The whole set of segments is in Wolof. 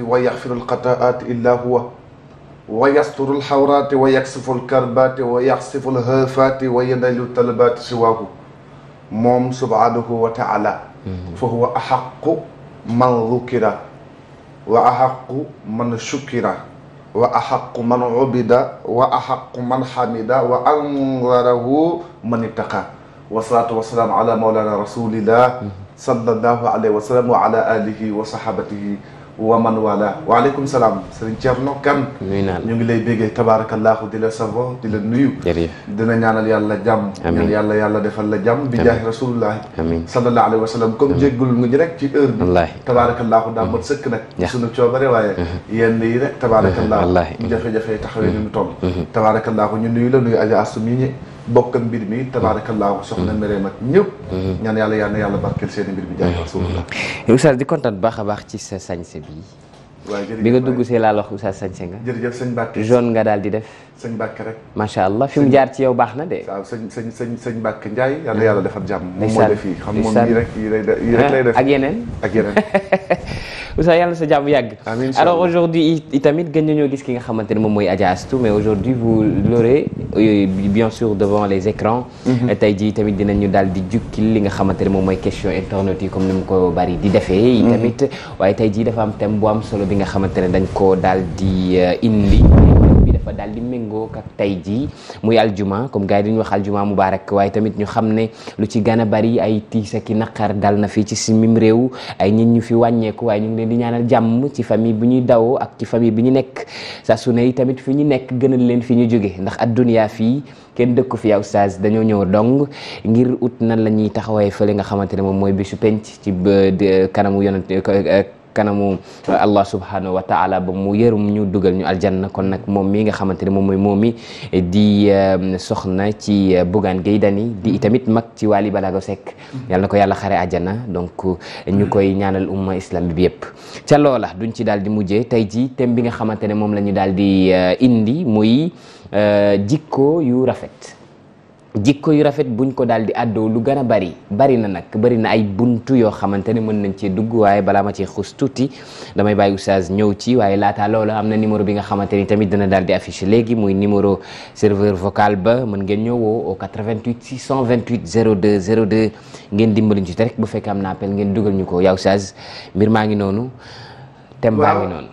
wa yaxfiru lxataaati illa huwa wa yasturu lxawraati wa yaksifu lkarbaati wa yaxsifu lxaafaati wa yadalu talabaati siwaahu moom subhaanahu wa taala fa huwa axaqu man dhukira wa axaqu man shukira wa axaqu man ubida wa axaqu man xamida wa anzarahu man ittaqa wasalaatu wasalaamu ala mawlana rasulillah sallallahu alayhi wa sallam wa ala alihi wa sahabatihi wa man wala waaleykum salaam sëriñ Thierno Kane nuyu naa la ñu ngi lay béggee tabaarakallaahu di la savo di la nuyu dina ñaanal yàlla jàmm ñaan yàlla yàlla defal la jàmm bi jaahi rasulullahi amiin sallallahu alayhi wa sallam comme jéggul nga ñu rek ci heure bi wallaahi tabaarakallaahu daa mat sëkk nag suñu coobare waaye yenn yi rek tabaarakallaahu jafe-jafe taxawee ni mu toll tabaarakallaahu ñu nuyu la nuyu aja astum yi ñi bokk ak mbir mi tabaarakallaahu mm-hmm. soxna Mereem ak ñëpp. Mm-hmm. ñaan yàlla yàlla na yàlla barkeel seen mbir mi jaay rasulullah. Oustaz di kontaan baax a baax ci sa sañse bii waaw jërëjëf bi nga dugg see laa wax Oustaz sañse nga. jërëjëf sëñ Mbacke jaune nga daal di def. sëñ Mbacke macha allah fi mu jaar ci yow baax na de. waaw sëñ sëñ sëñ sëñ Mbacke Ndiaye yàlla ah. yàlla defal jàmm. moom xam moom yi rek yi ah, ak yeneen ak yeneen. Oustaz yàlla sa jàmm yàgg. amiin alors aujourd'hui itamit gën nañoo gis ki nga xamante ne moom mooy Adja Astou mais aujourd'hui vous l'aurez bien sûr devant les écrans mhm. tey jii tamit dinañu daal di jukkil li nga xamante ne moom mooy question internet yi comme ni mu ko bari di defee. Mhm. itamit waaye tey jii dafa am thème bu am solo bi nga xamante ne dañ koo daal di euh, indi. dafa daal di méngook ak tey jii muy aljuma comme gars yi dañu wax aljuma mubaarak waaye tamit ñu xam ne lu ci gën a bari ay tiis ak i naqar dal na fii ci simim réew ay nit ñu fi wàññeeku waaye ñu ngi leen di ñaanal jàmm ci famille bu ñuy dawoo ak ci famille bi ñu nekk saa su yi tamit fi ñu nekk gënal leen fi ñu jóge ndax adduniyaa fii kenn dëkku fi yaw saz dañoo ñëw dong ngir ut nan la ñuy taxawee fële nga xamante ne moom mooy bi bisu penc ci kanamu yonent kanamu euh, allah subhanahu wa taala ba mu yërum ñu dugal ñu aljanna kon nag moom mii nga xamante ne moom mooy moom mi di euh, soxna ci euh, Bougane Gueye dani di itamit mag ci Wally Balago Seck yàlla na ko yàlla xare àjjana donc ñu koy ñaanal umma islam bi yëpp ca loola duñ ci daal di mujjee tey ji thème bi nga xamante ne moom la ñu daal di indi muy jikko yu rafet jikko yu rafet buñ ko daal di àddoo lu a bari bari na nag bari na ay buntu yoo xamante ne mën nañ cee dugg waaye balaa ma cee xus tuuti damay bàyyi oustaz ñëw ci waaye laata loola am na numéro bi nga xamante ni tamit dana daal di affiché léegi muy numéro serveur vocal ba mën ngeen ñëwoo au 88 628 02 02 ngeen dimbaliñ ci te rek bu fekkee am na appel ngeen dugal ñu ko yaa oustaz mbir maa ngi noonu. thème baa ngi noonu.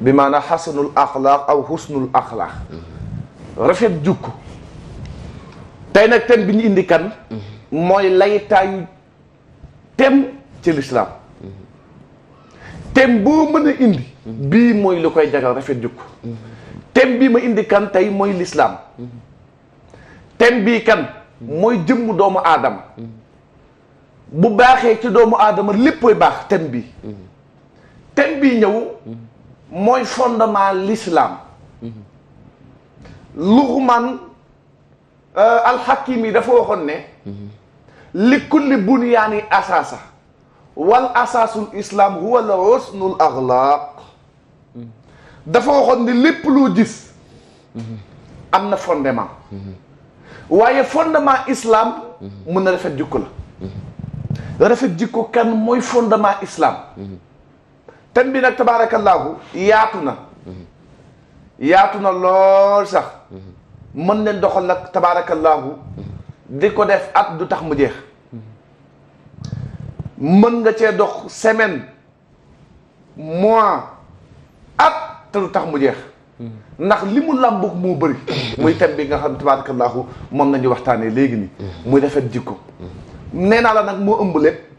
bi maanaam xasanul axlaaq aw xusnul axlaaq rafet jukko tey nag thème bi ñu indi kan mooy laytaayu tem ci lislaam tem boo mën a indi bii mooy lu koy jagal rafet jukko thème bii ma indi kan tey mooy lislaam thème bii kan mooy jëmm doomu aadama bu baaxee ci doomu aadama léppay baax thème bi thème bii ñëw mooy fondement l'islam luxman euh, alxakim yi dafa waxoon ne li kulli bunyaani asaasa wal asaasul islam huwa la husnul axlaaq dafa waxoon ne lépp loo gis am na fondement waaye fondement islam mun na rafet jikko la rafet jikko kan mooy fondement islam thème bi nag tabaarakallaahu yaatu na yaatu na lool sax mën leen doxal nag tabaarakallaahu di ko def at du tax mu jeex mën nga cee dox semaine mois at te du tax mu jeex ndax li mu làmbug moo bëri muy thème bi nga xam tabaarakallaahu moom nañu waxtaanee léegi nii muy rafet jikko nee naa la nag moo ëmb lépp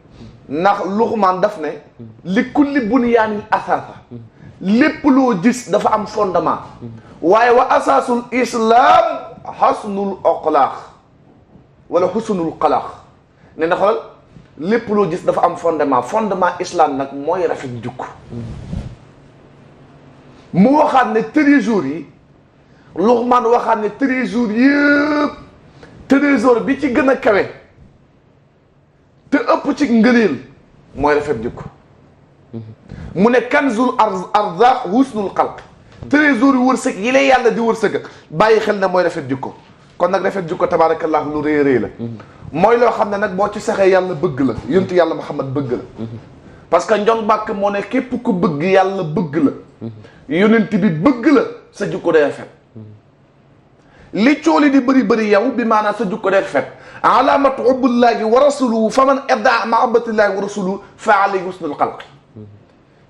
ndax Luqmaan daf ne li kulli bunyaanin asaasa lépp loo gis dafa am fondement waaye wa asaasul islaam xasnul oqlaax wala xusnul xalaax ne na xoolal lépp loo gis dafa am fondement fondement islam nag mooy rafet jukk mu waxaat ne treize jours yi Luqmaan waxaat ne treize jours yëpp treize jours bi ci gën a kawe te ëpp ci ngëneel mooy rafet jikko mu ne kanzul arzaq husnul xalq trésor yu wërsëg yi lay yàlla di wërsëg bàyyi xel ne mooy rafet jikko kon nag rafet jikko tabaarakallahu lu rëy rëy la mooy loo xam ne nag boo ci saxee yàlla bëgg la yontu yàlla Muhammad bëgg la parce que njol bàkk moo ne képp ku bëgg yàlla bëgg la yonent bi bëgg la sa jikko day rafet li cooli di bëri bëri yow bi maanaam sa jikko day rafet alaamatu hubbullaahi wa rasuluhu fa man iddaa mahabbatullaahi wa rasuluhu fa alayhi husnul xalqi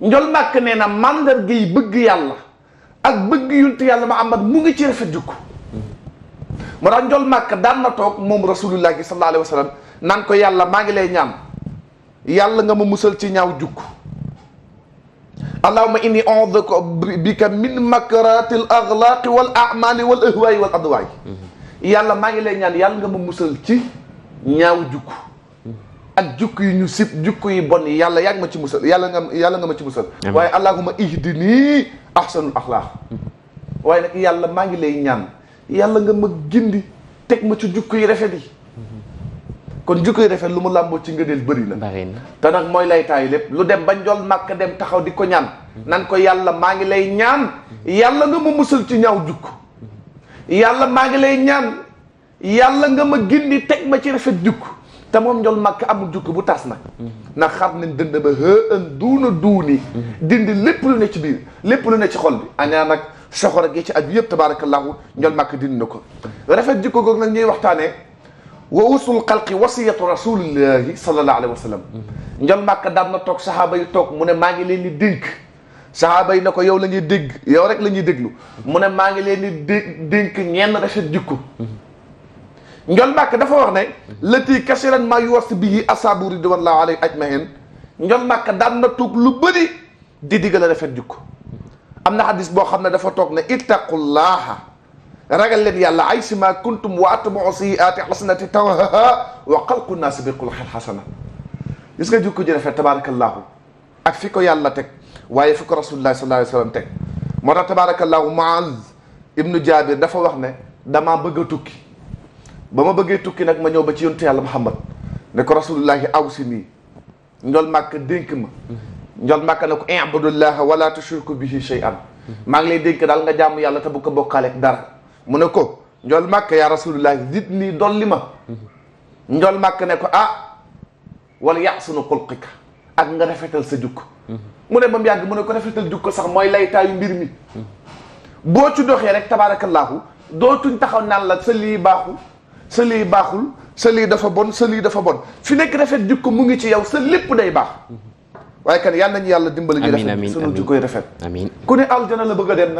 njol màkk nee na mandarga yi bëgg yàlla ak bëgg yuntu yàlla Muhammad mu ngi ci rafet jikko moo tax njol màkk daan na toog moom rasulullaahi sallallaahu alayhi wa sallam naan ko yàlla maa ngi lay ñaan yàlla nga ma musal ci ñaaw jukk allahumma inni a'udhu bika min makaratil axlaaqi wal a'maali wal ahwaa'i wal adwaa'i yàlla maa ngi lay ñaan yàlla nga ma musal ci ñaaw jukk ak jukk yi ñu sib jukk yi bon yàlla yàgg ma ci musal yàlla nga yàlla nga ma ci musal waaye allahuma ihdini ahsanul axlaaq waaye nag yàlla maa ngi lay ñaan yàlla nga ma gindi teg ma ci jukk yi rafet yi kon jukk yi rafet lu mu làmboo ci ngëneel bëri na te nag mooy lay taay lépp lu dem ba njool màkk dem taxaw di ko ñaan nan ko yàlla maa ngi lay ñaan yàlla nga ma musal ci ñaaw jukk yàlla maa ngi lay ñaan yàlla nga ma gindi teg ma ci rafet jukk te moom njol màkk amul jukk bu tas nag mhm. ndax xam ne dënd ba hë an duuna duuni mhm. dindi lépp lu ne ci biir lépp lu ne ci xol bi añaa nag soxor gi ci at yëpp tabarakallahu njol màkk dindi na ko rafet jukko googu nag ñuy waxtaanee wa usul xalqi wasiyatu rasulillahi sallallahu alayhi wa sallam mhm. njol màkk daan na toog sahaaba yi toog mu ne maa ngi leen di dénk saxaaba yi na ko yow la ñuy dégg yow rek la ñuy déglu mu ne maa ngi leen di dé dénk ñenn rafet njol màkk dafa wax ne lati kasiran maa yuwas bihi asaabu ridwanlaahu alayhi ajmahin njol màkk lu bëri di diggal rafet am na xadis boo xam ne dafa toog ne ittaqullaha ragal leen yàlla ay sima kuntum wa atmau siyaati xasanati tawaha wa xalqu naasi bi xulqin xasana gis nga jikko ji rafet tabarakallahu ak fi ko yàlla teg waaye fi ko rasulullah sallallahu alayhi wa sallam teg moo tax tabaarakallaahu Muaz ibnu Jaabir dafa wax ne damaa bëgg a tukki ba ma bëggee tukki nag ma ñëw ba ci yontu yàlla Muhammad ne ko rasulullahi aw si nii njol màkk dénk ma njol màkk ne ko ibudullaha wala tushriku bihi shay'an maa ngi lay dénk daal nga jaamu yàlla te bu ko bokkaaleeg dara mu ne ko njol màkk yaa rasulullahi zid nii dolli ma njol màkk ne ko ah yàq sunu xulqika ak nga rafetal sa jukk mu ne ba mu yàgg mu ne ko rafetal jukko sax mooy lay taayu mbir mi boo ci doxee rek tabaarakallaahu dootuñ taxaw naan la sa lii baaxul sa lii baaxul sa lii dafa bon sa lii dafa bon fi nekk rafet jukko mu ngi ci yow sa lépp day baax waaye kan yal nañu yàlla dimbali ñu rafet sunu jukkoy rafet amiin ku ne aljana la bëgg a dem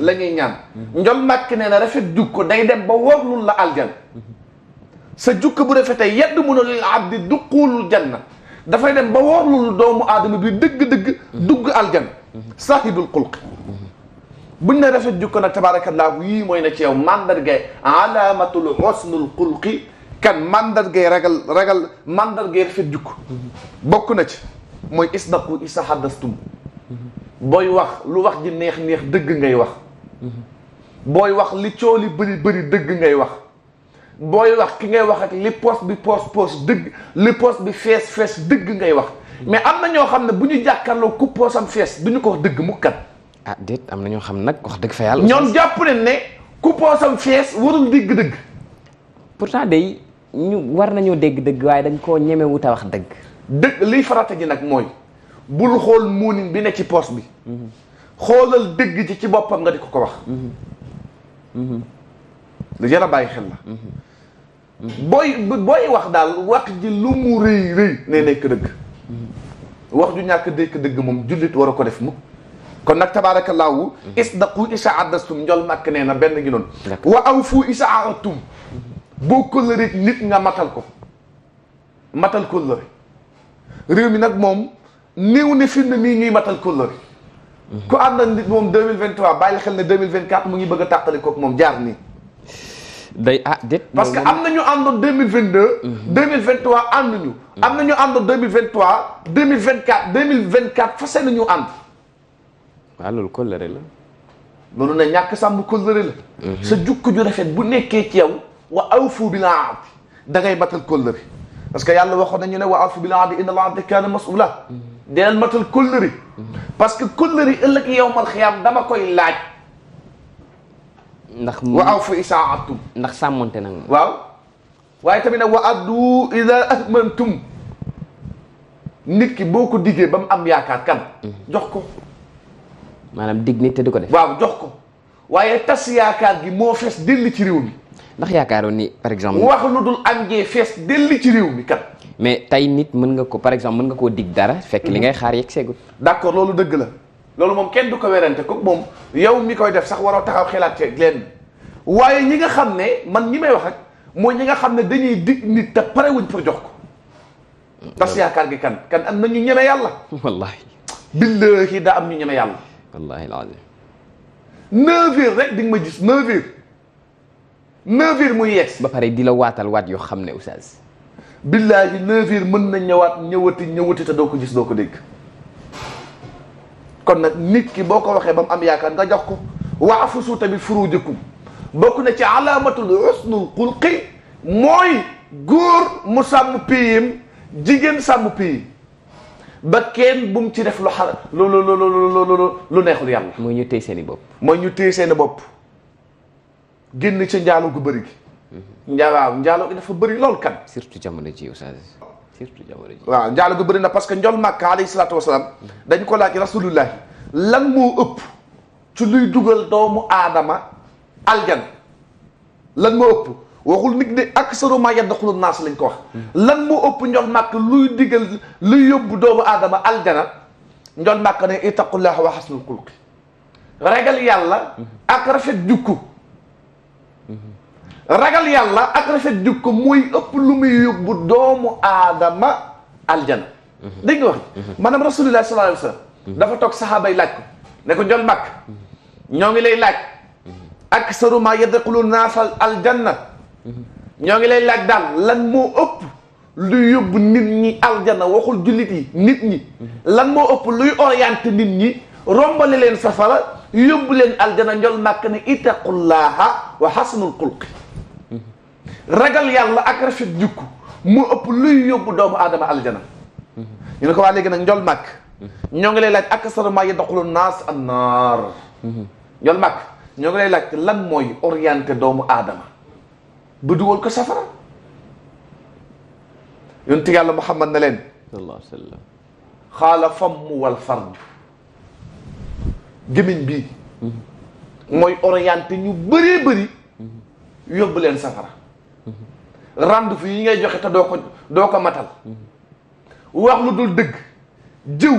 la ñuy ñaan njol màkk nee na rafet jukko day dem ba woorlul la aljana sa jukko bu rafetee yedd mënul abdi duqulul janna dafay dem ba woorlul doomu aadama bi dëgg-dëgg dugg aljan saahibul xulq buñ ne rafet jukko nag tabaarakallaahu yii mooy ne ci yow mandargay alaamatul xosnul xulqi kan mandargay ragal ragal mandargay rafet jukko bokk na ci mooy isdaqu isa haddastum booy wax lu wax ji neex-neex dëgg ngay wax booy wax li cooli bëri bëri dëgg ngay wax booy wax ki ngay wax ak li poste bi poste poste dëgg li poste bi fees fees dëgg ngay wax mais am na ñoo xam ne bu ñu jàkkaarloo ku poosam fees du ñu ko wax dëgg mukkat ah déet am na ñoo xam nag wax dëgg fa yàlla ñoom jàpp ne ne ku poosam fees warul dégg dëgg pourtant day ñu war nañoo dégg dëgg waaye dañ koo ñeme wut wax dëgg dëgg liy farata ji nag mooy bul xool muunin bi ne ci poos bi mhm. xoolal dëgg ji ci boppam nga di ko ko wax mhm. Mhm. lu jar a bàyyi xel la. booy booy wax daal wax ji lu mu rëy rëy ne nekk dëgg. wax ju ñàkk dëkk dëgg moom jullit war a ko def mu. kon nag tabaarakallaahu isdaqu isa addastum njol màkk nee na benn ngi noonu. wa aw fu isa aattum boo kóllëreeg nit nga matal ko. matal kóllëre réew mi nag moom néew ne firnde mii ñuy matal kóllëre. ku àndal nit moom 2023 bàyyi xel ne 2024 mu ngi bëgg a tàqali koog moom jaar nii. day ah déet. parce que am na ñu àndoon deux mille vingt deux. Mhm. deux mille vingt trois ànduñu. Mhm. am na ñu àndoon deux mille vingt trois deux mille vingt quatre deux mille vingt quatre fas yéene ñu ànd. waaw loolu kóllëre la. loolu nag ñàkk sàmm kóllëre la. Mhm. sa jukk ju rafet bu nekkee ci yow wa awfu bil ahd da ngay matal kóllëre parce que yàlla waxoon nañu ne wa awfu bil ahd inna al ahda kaana mas'uula. deel matal kóllëre. parce que kóllëre ëllëg yowmal xiyaam dama koy laaj. ndax waaw aw fu isaa'atum ndax sàmmonte nag moom waaw waaye tamit nag wa addu ida ahmantum nit ki boo ko diggee ba mu am yaakaar kan mhm. jox ko maanaam digg nit te ko def waaw jox ko waaye tas yaakaar gi moo fees delli ci réew mi ndax yaakaaroon ni par exemple wax lu dul am jee fees delli ci réew mi kan mais tey nit mën nga ko par exemple mën nga koo dig dara fekk li mhm. ngay xaar yegg seegul d'accord loolu dëgg la loolu moom kenn du ko werante ko moom yow mi koy def sax waroo taxaw xelaat ci lenn waaye ñi nga xam ne man ñi may wax ak mooy ñi nga xam ne dañuy digg nit te pare wuñ pour jox ko. tas yaakaar gi kan kan am na ñu ñeme yàlla. wallaahi. billaahi daa am ñu ñeme yàlla. wallaahi alazim. neuf heures rek di ma gis neuf heures. neuf heures muy yegg. ba pare di la waatal waat yoo xam ne oustaz. billaahi neuf heures mën na ñëwaat ñëwati ñëwati te doo ko gis doo ko dégg. kon nag nit ki boo ko waxee ba mu am yaakaar nga jox ko waafusu tamit furuujakum bokk na ci alaamatul usnul xulqi mooy góor mu sàmm piyim jigéen sàmm piyim ba kenn bu mu ci def lu xar lu lu lu lu lu yàlla. mooy ñu téye seeni bopp. mooy ñu téye seeni i bopp génn ci njaaloo gu bari gi. njaaloo mm-hmm. njaaloo gi dafa bëri lool kan. surtout jamono ji oustaz. surtout jamono ji waaw njaalo bi na parce que njol màkka alayhi salaatu dañ ko laaj rasulullahi lan moo ëpp ci luy dugal doomu aadama aljana lan moo ëpp waxul nit ne aksaru ma yadxulu naas lañ ko wax lan moo ëpp njol màkk luy digal luy yóbbu doomu aadama aljana njol màkk ne ittaqullaha wa xasnul xulqi ragal yàlla ak rafet jukku mhm. ragal yàlla ak rafet jikko mooy ëpp lu muy yóbbu doomu aadama aljana dégg nga wax mhm. maanaam rasulullah sallallahu alayhi wa mhm. dafa toog saxaaba ko ne ko njol mbàkk ñoo ngi lay laaj mhm. aksaru ma yadxulu naasal aljanna ñoo ngi lay laaj daal lan moo ëpp luy yóbbu nit ñi aljana waxul jullit yi nit ñi lan moo ëpp luy orienté nit ñi rombale leen safara yóbbu leen aljana njol mbàkk ne ittaqullaha wa xasnul xulqi ragal yàlla ak rafet jukku moo ëpp luy yóbbu doomu aadama aljana ñu ne ko waa léegi njol màkk ñoo ngi lay laaj ak sarama yi doxulu naas an naar njol màkk ñoo ngi lay laaj lan mooy orienté doomu aadama bu dugal ko safara yonent yàlla Muhammad ne leen sallallahu alayhi wa sallam xaala famm wal farju gémmiñ bii mm-hmm. mooy orienté ñu bëree bëri mm-hmm. yóbbu leen safara rendez-vous yi ngay joxe te dooko ko matal wax lu dul dëgg jiw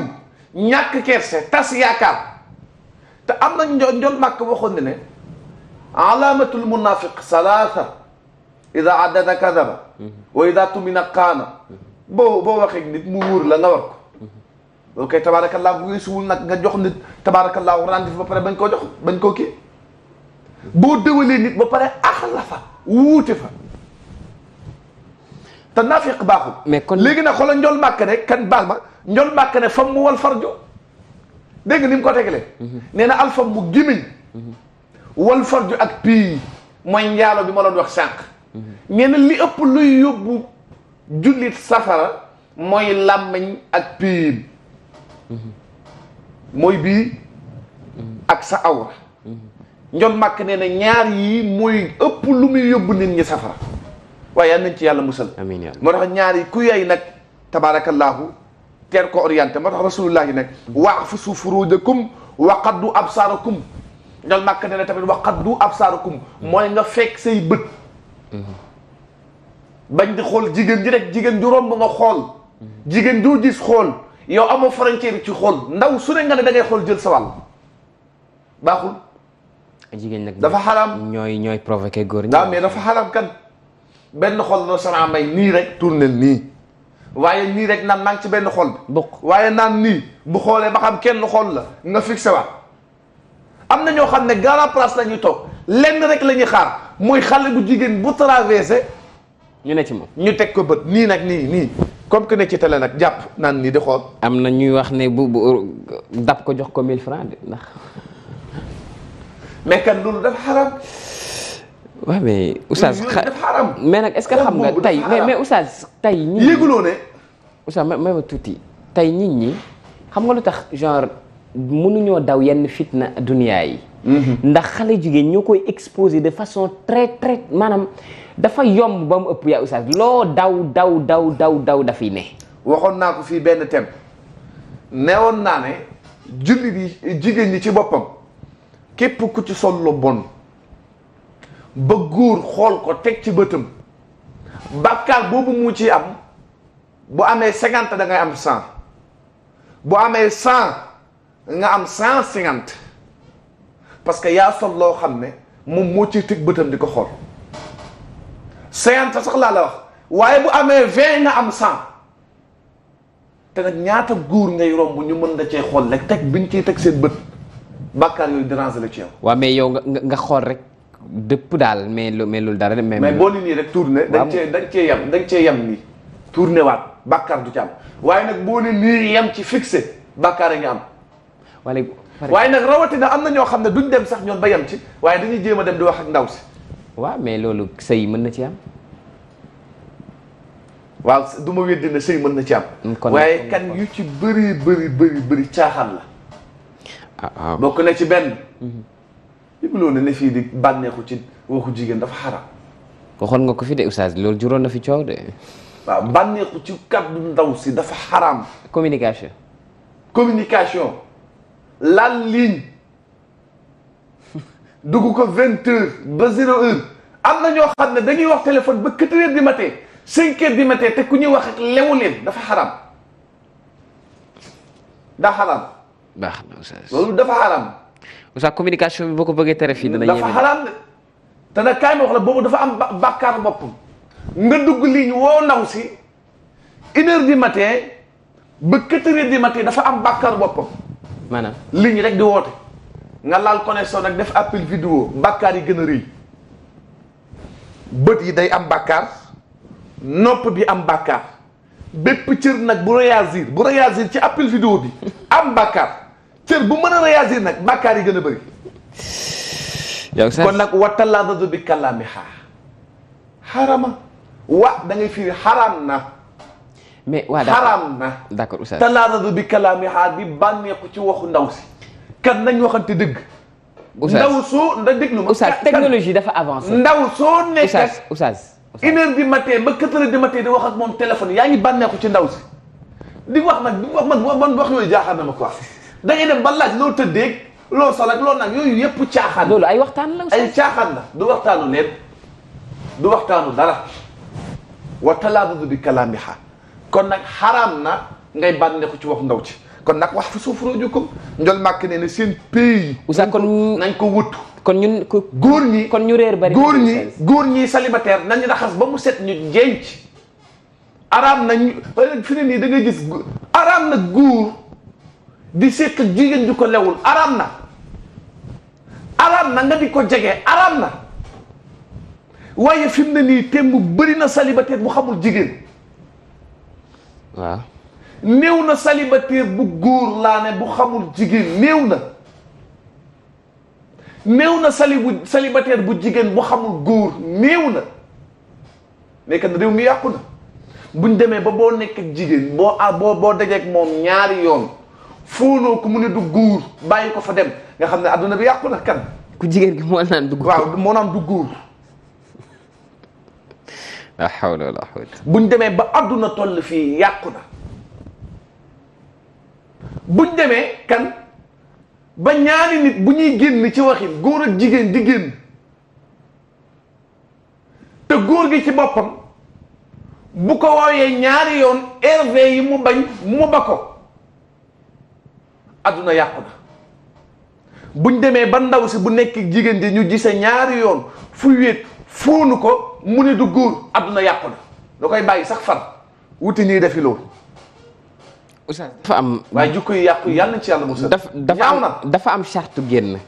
ñàkk kerse tas yaakaar te am na njo njol màkk waxoon ne ne alaamatul munafiq salaasa ida addada kadaba wa ida tumina kaana boo boo waxee nit mu wóor la nga war ko ok tabaarakallaa bu weesuwul nag nga jox nit tabaarakallaa rendez-vous ba pare bañ koo jox bañ koo kii boo déwalee nit ba pare axlafa wuute fa te naafiq baaxul. mais kon léegi nag xoolal njool màkk ne kan baal ma njool màkk ne fam mu wal farjo dégg ni mu ko tegalee. Mhm. nee na alfam mu gimiñ. Mhm. wal farjo ak pii mooy njaalo bi ma doon wax sànq. Mhm. nee na li ëpp luy yóbbu jullit safara mooy làmmiñ ak piim mooy bii ak sa awra. njool màkk nee na ñaar yii mooy ëpp lu muy yóbbu nit ñi safara. waaye yal nañ ci yàlla musal amiin yàlla moo tax ñaari ku yaay nag tabaarakallaahu teer ko orienté moo tax rasulullah yi nag wa'fusu furujakum waqaddu absaarakum ñool màkk ne la tamit waqaddu absaarakum mooy nga fekk say bët bañ di xool jigéen ji rek jigéen ju romb nga xool jigéen ju gis xool yow amoo frontière ci xool ndaw su ne nga ne da xool jël sa wàll baaxul jigéen nag dafa xaraam ñooy ñooy provoqué góor ñi mais dafa xaraam kan benn xol la Sora may nii rek tourné nii waaye nii rek naan maa ci benn xol bi. waaye nan nii bu xoolee ba xam kenn xol la nga fixé waat am na ñoo xam ne grand place la toog lenn rek la ñuy xaar mooy xale bu jigéen bu traversé. ñu ne ci moom ñu teg ko bët nii nag nii nii comme que ne ci télé nag jàpp nan nii di xool. am na ñuy wax ne bu bu dab ko jox ko 1000 francs de ndax. mais kan loolu dafa xaram. waaw mais oustaz mais nag est-ce que xam nga tey mais mais oustaz tey ñi yëguloo ne oustaz may ma tuuti tey nit ñi xam nga lu tax genre mënuñoo daw yenn fitna duniyaa yi mhm. ndax xale jigéen ñoo koy exposé de façon très très maanaam dafa yomb ba mu ëpp yaa oustaz loo daw daw daw daw daw dafiy ne waxoon naa ko fii benn thème neewoon naa ne julli bi jigéen ñi ci boppam képp ku ci sol lu bon ba góor xool ko teg ci bëtam bàkkaar boobu mu ci am bu amee cinquante da ngay am cent bu amee cent nga am cent cinquante parce que yaa sol loo xam ne moom moo ci teg bëtam di ko xool cinquante sax laa la wax waaye bu amee vingt nga am cent te nag ñaata góor ngay romb ñu mën da cee xool rek teg biñ ciy teg seen bët bàkkaar yooyu déranger la ci yow. waa mais yow nga nga xool rek. dëpp daal mais lu mais loolu dara. mais mais boo ni nii rek tourné. dañ cee dañ cee yem dañ cee yem nii. tourné waat bakkar du ci am waaye nag boo nii yem ci fixé bàkkaar a ngi am. waaye nag rawatina am na ñoo xam ne duñ dem sax ñoom ba yem ci waaye dañuy jéem a dem di wax ak ndaw si. waa mais loolu sëy mën na ci am. waaw du ma weddi ne mën na ci am. Mm, waaye kan yu ci bëri bëri bëri bëri caaxaan la. Ah, ah bokk na ci benn. Mm-hmm. yëguloo ne ne fii di bànneexu ci ku jigéen dafa xaram waxoon nga ko fi de oustaz loolu juróon na fi coow de waaw bànneexu ci kàddu ndaw si dafa xaram communication communication laal ligne dugg ko vingt heures ba zéro heure am na ñoo xam ne dañuy wax téléphone ba quatre heures du matin cinq heures du matin te ku ñuy wax ak lewu leen dafa xaram daa xaram baax na oustaz loolu dafa xaram sa communication bi boo ko bëggee tere fii dana dafa xalaat te nag kaay ma wax la boobu dafa am bàkkaar boppam nga dugg ligne woo ndaw si une heure du matin ba quatre heures du matin dafa am bàkkaar boppam maanaam rek di woote nga laal connexion nag def appel vidéo bàkkaar yi gën a rëy bët yi day am bàkkaar nopp bi am bàkkaar bépp cër nag bu réagir bu réagir ci appel vidéo bi am bàkkaar cër bu mën a réagir nag bàkkaar yi gën a bëri. kon nag wa talaazadu bi kàllaami xaar xarama wa da ngay firi xaraam na. mais waa xaraam na. d'accord oustaz talaazadu bi kàllaami xaar di bànneeku ci waxu ndaw si. kan nañ waxante dëgg. oustaz ndaw soo ndax déglu ma. oustaz technologie dafa avancé. ndaw soo nekk ak oustaz une heure du matin ba quatre heures du di wax ak moom téléphone yaa ngi bànneeku ci ndaw si. di wax nag di wax man man wax yooyu jaaxal na ma quoi. dañuy dem ba laaj loo tëddeeg loo sol ak loo nag yooyu yëpp caaxaan. ay waxtaan la ay caaxaan la du waxtaanu leen du waxtaanu dara wa talaabudu bi kalaamiha kon nag xaraam na ngay bànneeku ci wax ndaw ci kon nag wax fa suuf ko njol màkk ne ne seen pays. oustaz kon nañ ko wut. kon ñun ko góor ñi kon ñu réer bari góor ñi góor ñi célibataire nañu raxas ba mu set ñu jenc araam nañ fi ne nii da gis araam na góor di seq jigéen ju ko lewul araam na araam na nga di ko jege araam na waaye fi na nii tem bu bëri na célibataire bu xamul jigéen waaw néew na célibataire bu bu xamul jigéen néew na néew na sali bu jigéen bu xamul góor néew na nekk na réew mi yàqu na buñ demee ba boo nekk ak jigéen boo ah boo boo dajeek moom ñaari yoon fóonoo ko mu ne du góor bàyyi ko fa dem nga xam ne adduna bi yàqu na kan. ku jigéen gi moo naan du góor waaw moo du góor. la hawla wala demee ba adduna toll fii yàqu na. buñ demee kan ba ñaari nit bu ñuy génn ci waxin góor ak jigéen di génn te góor gi ci boppam bu ko woowee ñaari yoon RV yi mu bañ mu ba ko. adduna yàqu bu buñ demee ba ndaw si bu nekk jigéen di ñu gise ñaari yoon fu wéet fóonu ko mu ne du góor adduna yàqu na koy bàyyi sax far wuti ñuy defi loolu oustaz dafa am waaye jukko yi yàlla ci yàlla musal dafa ñaaw na dafa am sartu génn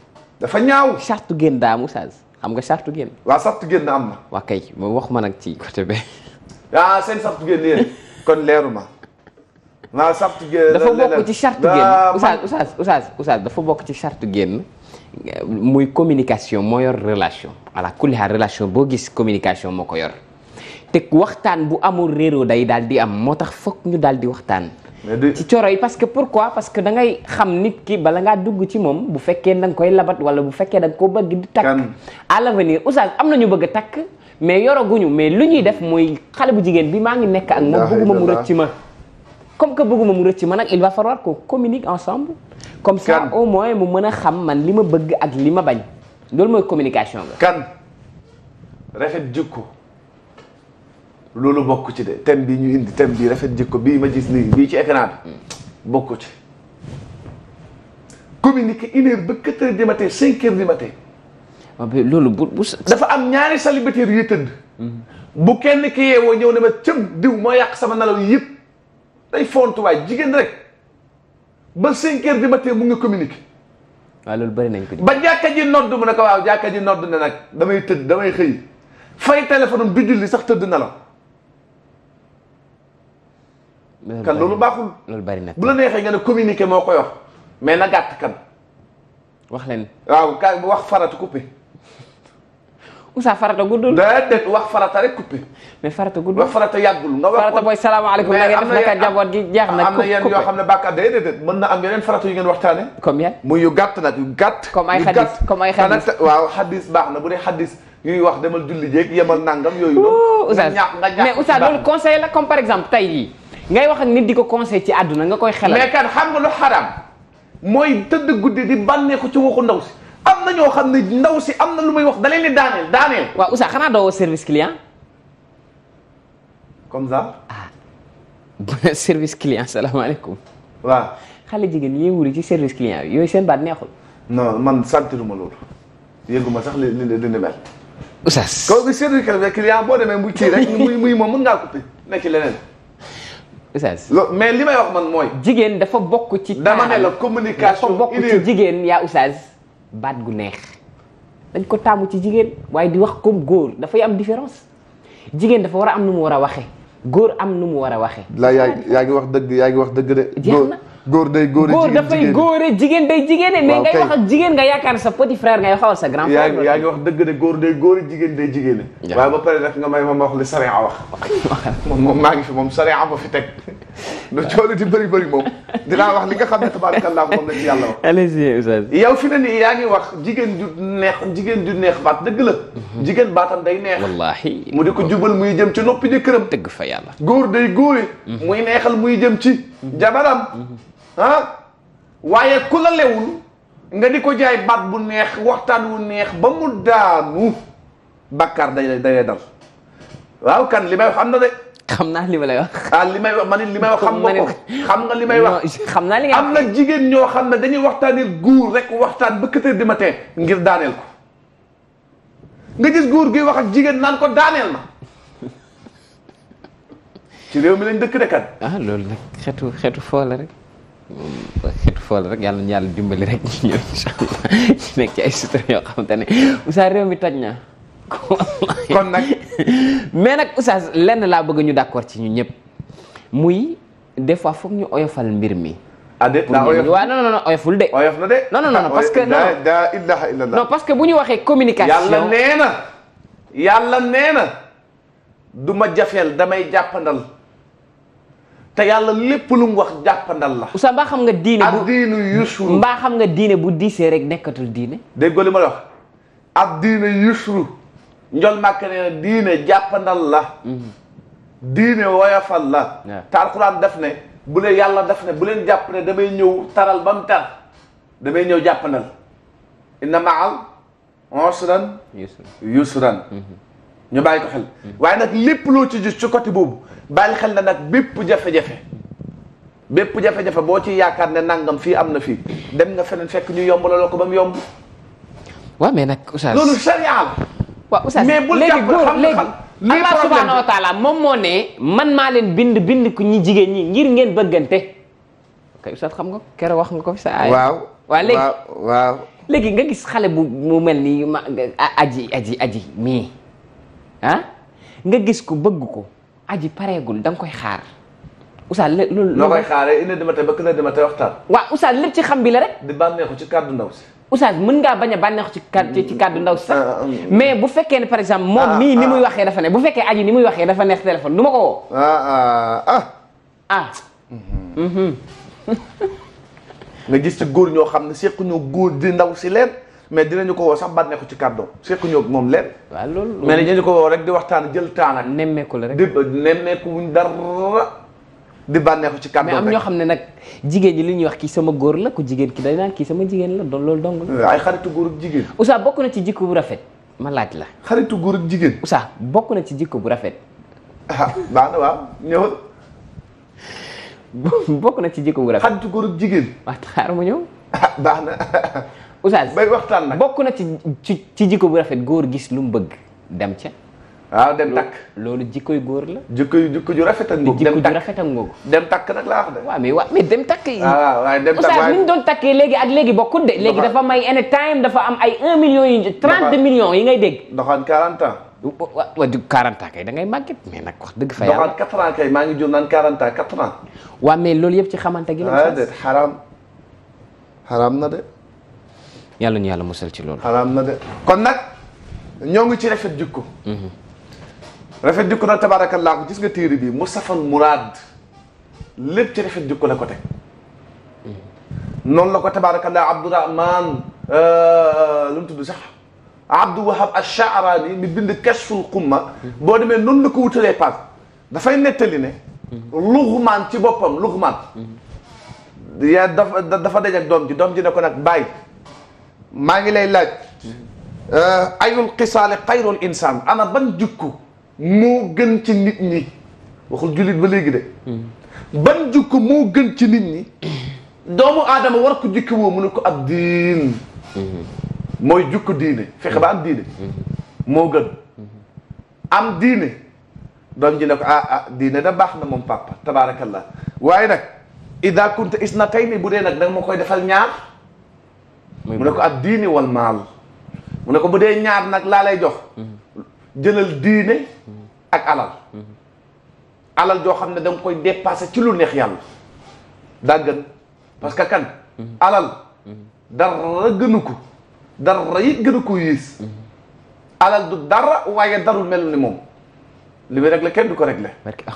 dafa ñaaw sartu génn daa am oustaz xam nga sartu génn waaw sartu génn am na waa kay ma wax ma nag ci côté be ah seen sartu génn yéen kon leeru ma waaw sàrt dafa bokk ci charte génn oustaz oustaz oustaz dafa bokk ci charte génn muy communication moo yor relation voilà kulli relation boo gis communication moo ko yor te waxtaan bu amul réeroo day daal di am moo tax foog ñu daal di waxtaan ci coro yi parce que pourquoi parce que da ngay xam nit ki bala ngaa dugg ci moom bu fekkee da nga koy labat wala bu fekkee da nga ko bëgg di takk à l'avenir am na ñu bëgg a takk mais yoroguñu mais lu ñuy def mooy xale bu jigéen bi maa ngi nekk ak moom bëgguma comme que bëgguma mu rëcc ma nag il va falloir qu'on communique ensemble comme ça au moins mu mën a xam man li ma bëgg ak li ma bañ loolu mooy communication nga kan rafet jikko loolu bokk ci de thème bi ñu indi thème bi rafet jikko bii ma gis nii bii ci écran bi hmm. bokk ci communiquer une heure ba quatre heures du matin cinq heures du loolu bu dafa am ñaari célibataires yu tëdd hmm. bu kenn ki yeewoo ñëw ne ma cëm diw moo yàq sama nalaw yëpp day fontu waay jigéen rek ba 5 heures du matin mu ngi communiqué. waaw loolu bëri nañ ko. ba jàkka ji nodd mu ne ko waaw jàkka ji nodd ne nag damay tëdd damay xëy fay téléphone am du julli sax tëdd na la. kan loolu baaxul. loolu bari na bu la neexee nga ne communiqué moo koy wax mais na gàtt kan. wax leen. waaw ka wax faratu coupé. Moussa farata guddul. wax farata rek coupé. mais farata guddul wax farata yàggul. nga wax farata booy salaamaaleykum da naka njaboot gi jeex na. am na yenn yoo xam ne bàkkaar day déedéet mën na am yeneen farata yu ngeen waxtaane comme yan muy yu gàtt waaw xadis baax na bu dee xadis yuy wax demal julli jeeg yemal nangam yooyu. oustaz mais oustaz loolu conseil la comme par exemple tey jii ngay wax ak di ko conseil ci àdduna nga koy xelal. mais kan xam nga lu xaram mooy tëdd guddi di ku ci waxu ndaw si am na ñoo xam ne ndaw si am na lu may wax da leen di daaneel daaneel. waaw Oussa xanaa doo service client. comme ça. ah service client salaamaaleykum. waaw. xale jigéen ñi wuri ci service client bi yooyu seen baat neexul. non man sentiruma loolu. yëguma sax li li li mel. Oustaz. kaw bi service client boo demee mu kii muy muy moom mun ngaa coupé nekk leneen. Oustaz. loo mais li may wax man mooy. jigéen dafa bokk ci. dama ne la communication dafa jigéen yaa Oustaz. baat gu neex dañ ko taamu ci jigéen waaye di wax comme góor dafay am différence jigéen dafa war a am nu mu war a waxe góor am nu mu war a waxe laa yaa yaa ngi wax dëgg yaa ngi wax dëgg de góor day góor góor dafay góore jigéen day jigéene mais ngay wax ak jigéen nga yaakaar sa petit frère ngay xawal sa grand frère yaa ngi wax dëgg de góor day góor jigéen day jigéene waaye ba pare nag nga may moom wax li sariya wax moom moom maa ngi fi moom sariya ba fi teg lu coono di bëri bëri moom dinaa wax li nga xam ne tabaarkalla moom la ci yàlla wax allez-y oustaz yow fi ne nii yaa ngi wax jigéen ju neex jigéen ju neex baat dëgg la mhm. jigéen baatam day neex wallaahi mu di ko jubal muy jëm ci noppi jëkkëram dëgg fa yàlla góor day góore mhm. muy neexal muy jëm ci mhm. jabaram ah waaye ku la lewul nga di ko jaay baat bu neex waxtaan wu neex ba mu daanu bàkkaar day day dal waaw kan li may wax am na de. xam naa li ma wax. Ah, li may wax man li may wax xam nga ko nga li may wax. xam naa li nga am na jigéen ñoo xam ne dañuy waxtaanee góor rek waxtaan ba quatre di ma matin ngir daaneel ko nga gis góor gi wax ak jigéen naan ko daaneel ma. ci réew mi lañ dëkk de kan. ah loolu nag xeetu xeetu foo rek. xeetu fool yàlla ñu yàlla dimbali rek ñu ñëw incha allah ñu nekk na. mais nag Oustaz lenn laa bëgg ñu d'accord ci ñu ñëpp muy des fois ñu oyofal mbir mi. ah na de. non parce que parce que bu ñu waxee communication. yàlla nee na jafeel damay jàppandal. te yàlla lépp lu mu jàppandal la. Oustaz mbaa xam nga diine bu addiinu yusru mbaa xam nga diine bu diisee rek nekkatul diine. de li ma wax addiinu yusru njol màkk ne diine jàppandal la. Mhm. diine woyofal la. te alxuraan def ne bu yàlla def ne bu leen jàpp damay ñëw taral ba tar damay ñëw jàppandal. inna maal usran yusran mhm. ñu bàyyi ko xel. Mhm. waaye nag lépp loo ci gis ci côté boobu. bàyyi xel na nag bépp jafe-jafe bépp jafe-jafe boo ci yaakaar ne nangam fii am na fii dem nga feneen fekk ñu yombalaloo ko ba mu yomb. waaw mais nag oustaz loolu charia la. waaw oustaz mais bul léegi moom moo ne man maa leen bind bind ku ñi jigéen ñi ngir ngeen bëggante. kay oustaz xam nga keroog wax nga ko fi waaw waaw nga gis xale bu mel ni ma aji aji aji mii ah? nga gis ko bëgg ko. aji pareegul da nga koy xaar. Oustaz loolu. noo koy xaaree une heure du matin ba une heure du matin waxtaan. waaw Oustaz lépp ci xam bi la rek. di bànneexu ci kàddu ndaw si. Oustaz mën ngaa bañ a bànneexu ci kàddu ci kàddu sax. Ah, ah, ah. mais bu fekkee ne par exemple. moom mii ni muy waxee dafa ne bu fekkee aji ni muy waxee dafa ne téléphone du ma ko woo. ah ah mhm. Mhm. nga gis ci góor ñoo xam ne seq ñoo góor di ndaw si leen. mais dinañu ko woo sax bànne ci kàddoom seq ñoog moom leen. waaw loolu mais dinañu ko woo rek di waxtaan jël taan ak. nemmeeku la rek di nemmeeku wuñ dara di bànneeku ci kàddoom rek am ñoo xam ne nag jigéen ñi li ñuy wax kii sama góor la ku jigéen ki day naan kii sama jigéen la doon loolu dong la. ay xaritu góor jigéen. Oussa bokk na ci jikko bu rafet ma laaj la. xaritu góor jigéen. Oussa bokk na ci jikko bu rafet. ah baax na waaw ñëwal. bokk na ci jikko bu rafet. xaritu góor ak jigéen. waaw xaar mu ñëw. Ah, baax na. oustaz bay waxtaan nag bokk na ci ci jikko bu rafet góor gis lu mu bëgg dem ca waaw ah, dem takk loolu jikkoy góor la jikko jikko ju rafet ak ngóog jikko ju rafet ak ngóog dem takk nag laa wax de waaw dem takk yi waaw ah, waaw dem doon takkee léegi ak léegi bokkul de léegi dafa may any time dafa am ay un million yi trente yi ngay dégg doxaan quarante ans waaw du quarante ans kay da ngay màgget mais nag wax dëgg fa yàlla doxaan quatre ans kay maa ngi jur naan quarante ans quatre ans waaw mais loolu yëpp ci xamante gi la ah, xaraam yàlla ñu yàlla musal ci loolu. xalaam na kon nag ñoo ngi ci rafet jikko. Mhm. rafet jikko nag tabaarakallaahu gis nga téere bi Mustafal Muraad lépp ci rafet jikko la ko teg. Mhm. noonu la ko tabaarakallaahu Abdourahman euh, euh, lu mu tudd sax Abdou Wahab Ash-Sha'rani mi bind Kashful Qumma. Mhm. boo demee noonu la ko wutalee paas dafay nettali ne. Luqmaan ci boppam Luqmaan. yaa dafa dafa daje doom ji doom ji ne ko nag baay maa ngi lay laaj eh, ayul xisaale xayrul insaan ana ban jukku moo gën ci julit ba léegi de ban jukku moo gën ci nit ñi doomu aadama war ko jukki woo mu ne ko ab diin mooy jukku diine fexe ba am diine moo gën am diine doom ji ne ko ah ah diine da baax na moom papa tabaarakallah waaye nag ida kunta isnatayni bu dee nag da nga ma koy defal ñaar mu ne ko ak diini wal maal mu ne ko bu dee ñaar nag laa lay jox mm-hmm. jëlal diine mm-hmm. ak alal mm-hmm. alal joo xam ne da nga koy dépassé ci lu neex yàlla daa gën parce que kan alal dara gënu ko dara it gënu ko yiis alal du dara waaye darul mel ni moom lu muy réglé kenn du ko réglé.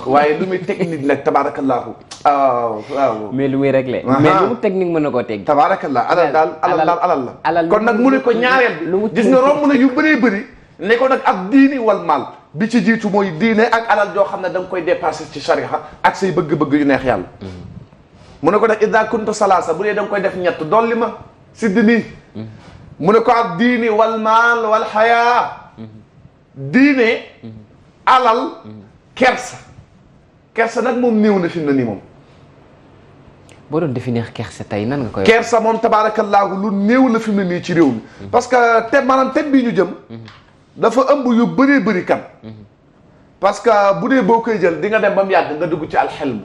waaye lu muy technique nag tabaarakallaahu. waaw mais lu muy réglé. mais lu mu technique mën na koo teg. tabaarakallah alal daal alal daal alal la. alal kon nag mu ne ko ñaareel bi. gis nga romb na yu bëree bëri. ne ko nag ab diini wal maal. bi ci jiitu mooy diine ak alal joo xam ne da koy dépassé ci sharia ak say bëgg-bëgg yu neex yàlla. Mm-hmm. mu ne ko nag idda kuntu salaasa bu dee da koy def ñett dolli ma si dini. Mm-hmm. mu ne ko ab diini wal maal wal alal kersa kersa nag moom néew na fi na nii moom boo doon définir kerse tey nan nga koy kersa moom tabaarakallaahu lu néew na fi mu ne nii ci réew mi mm-hmm. parce que te maanaam thème bii ñu jëm mm-hmm. dafa ëmb yu bëree bëri kan mm-hmm. parce que bu dee boo koy jël di nga dem ba mu yàgg nga dugg ci alxelmu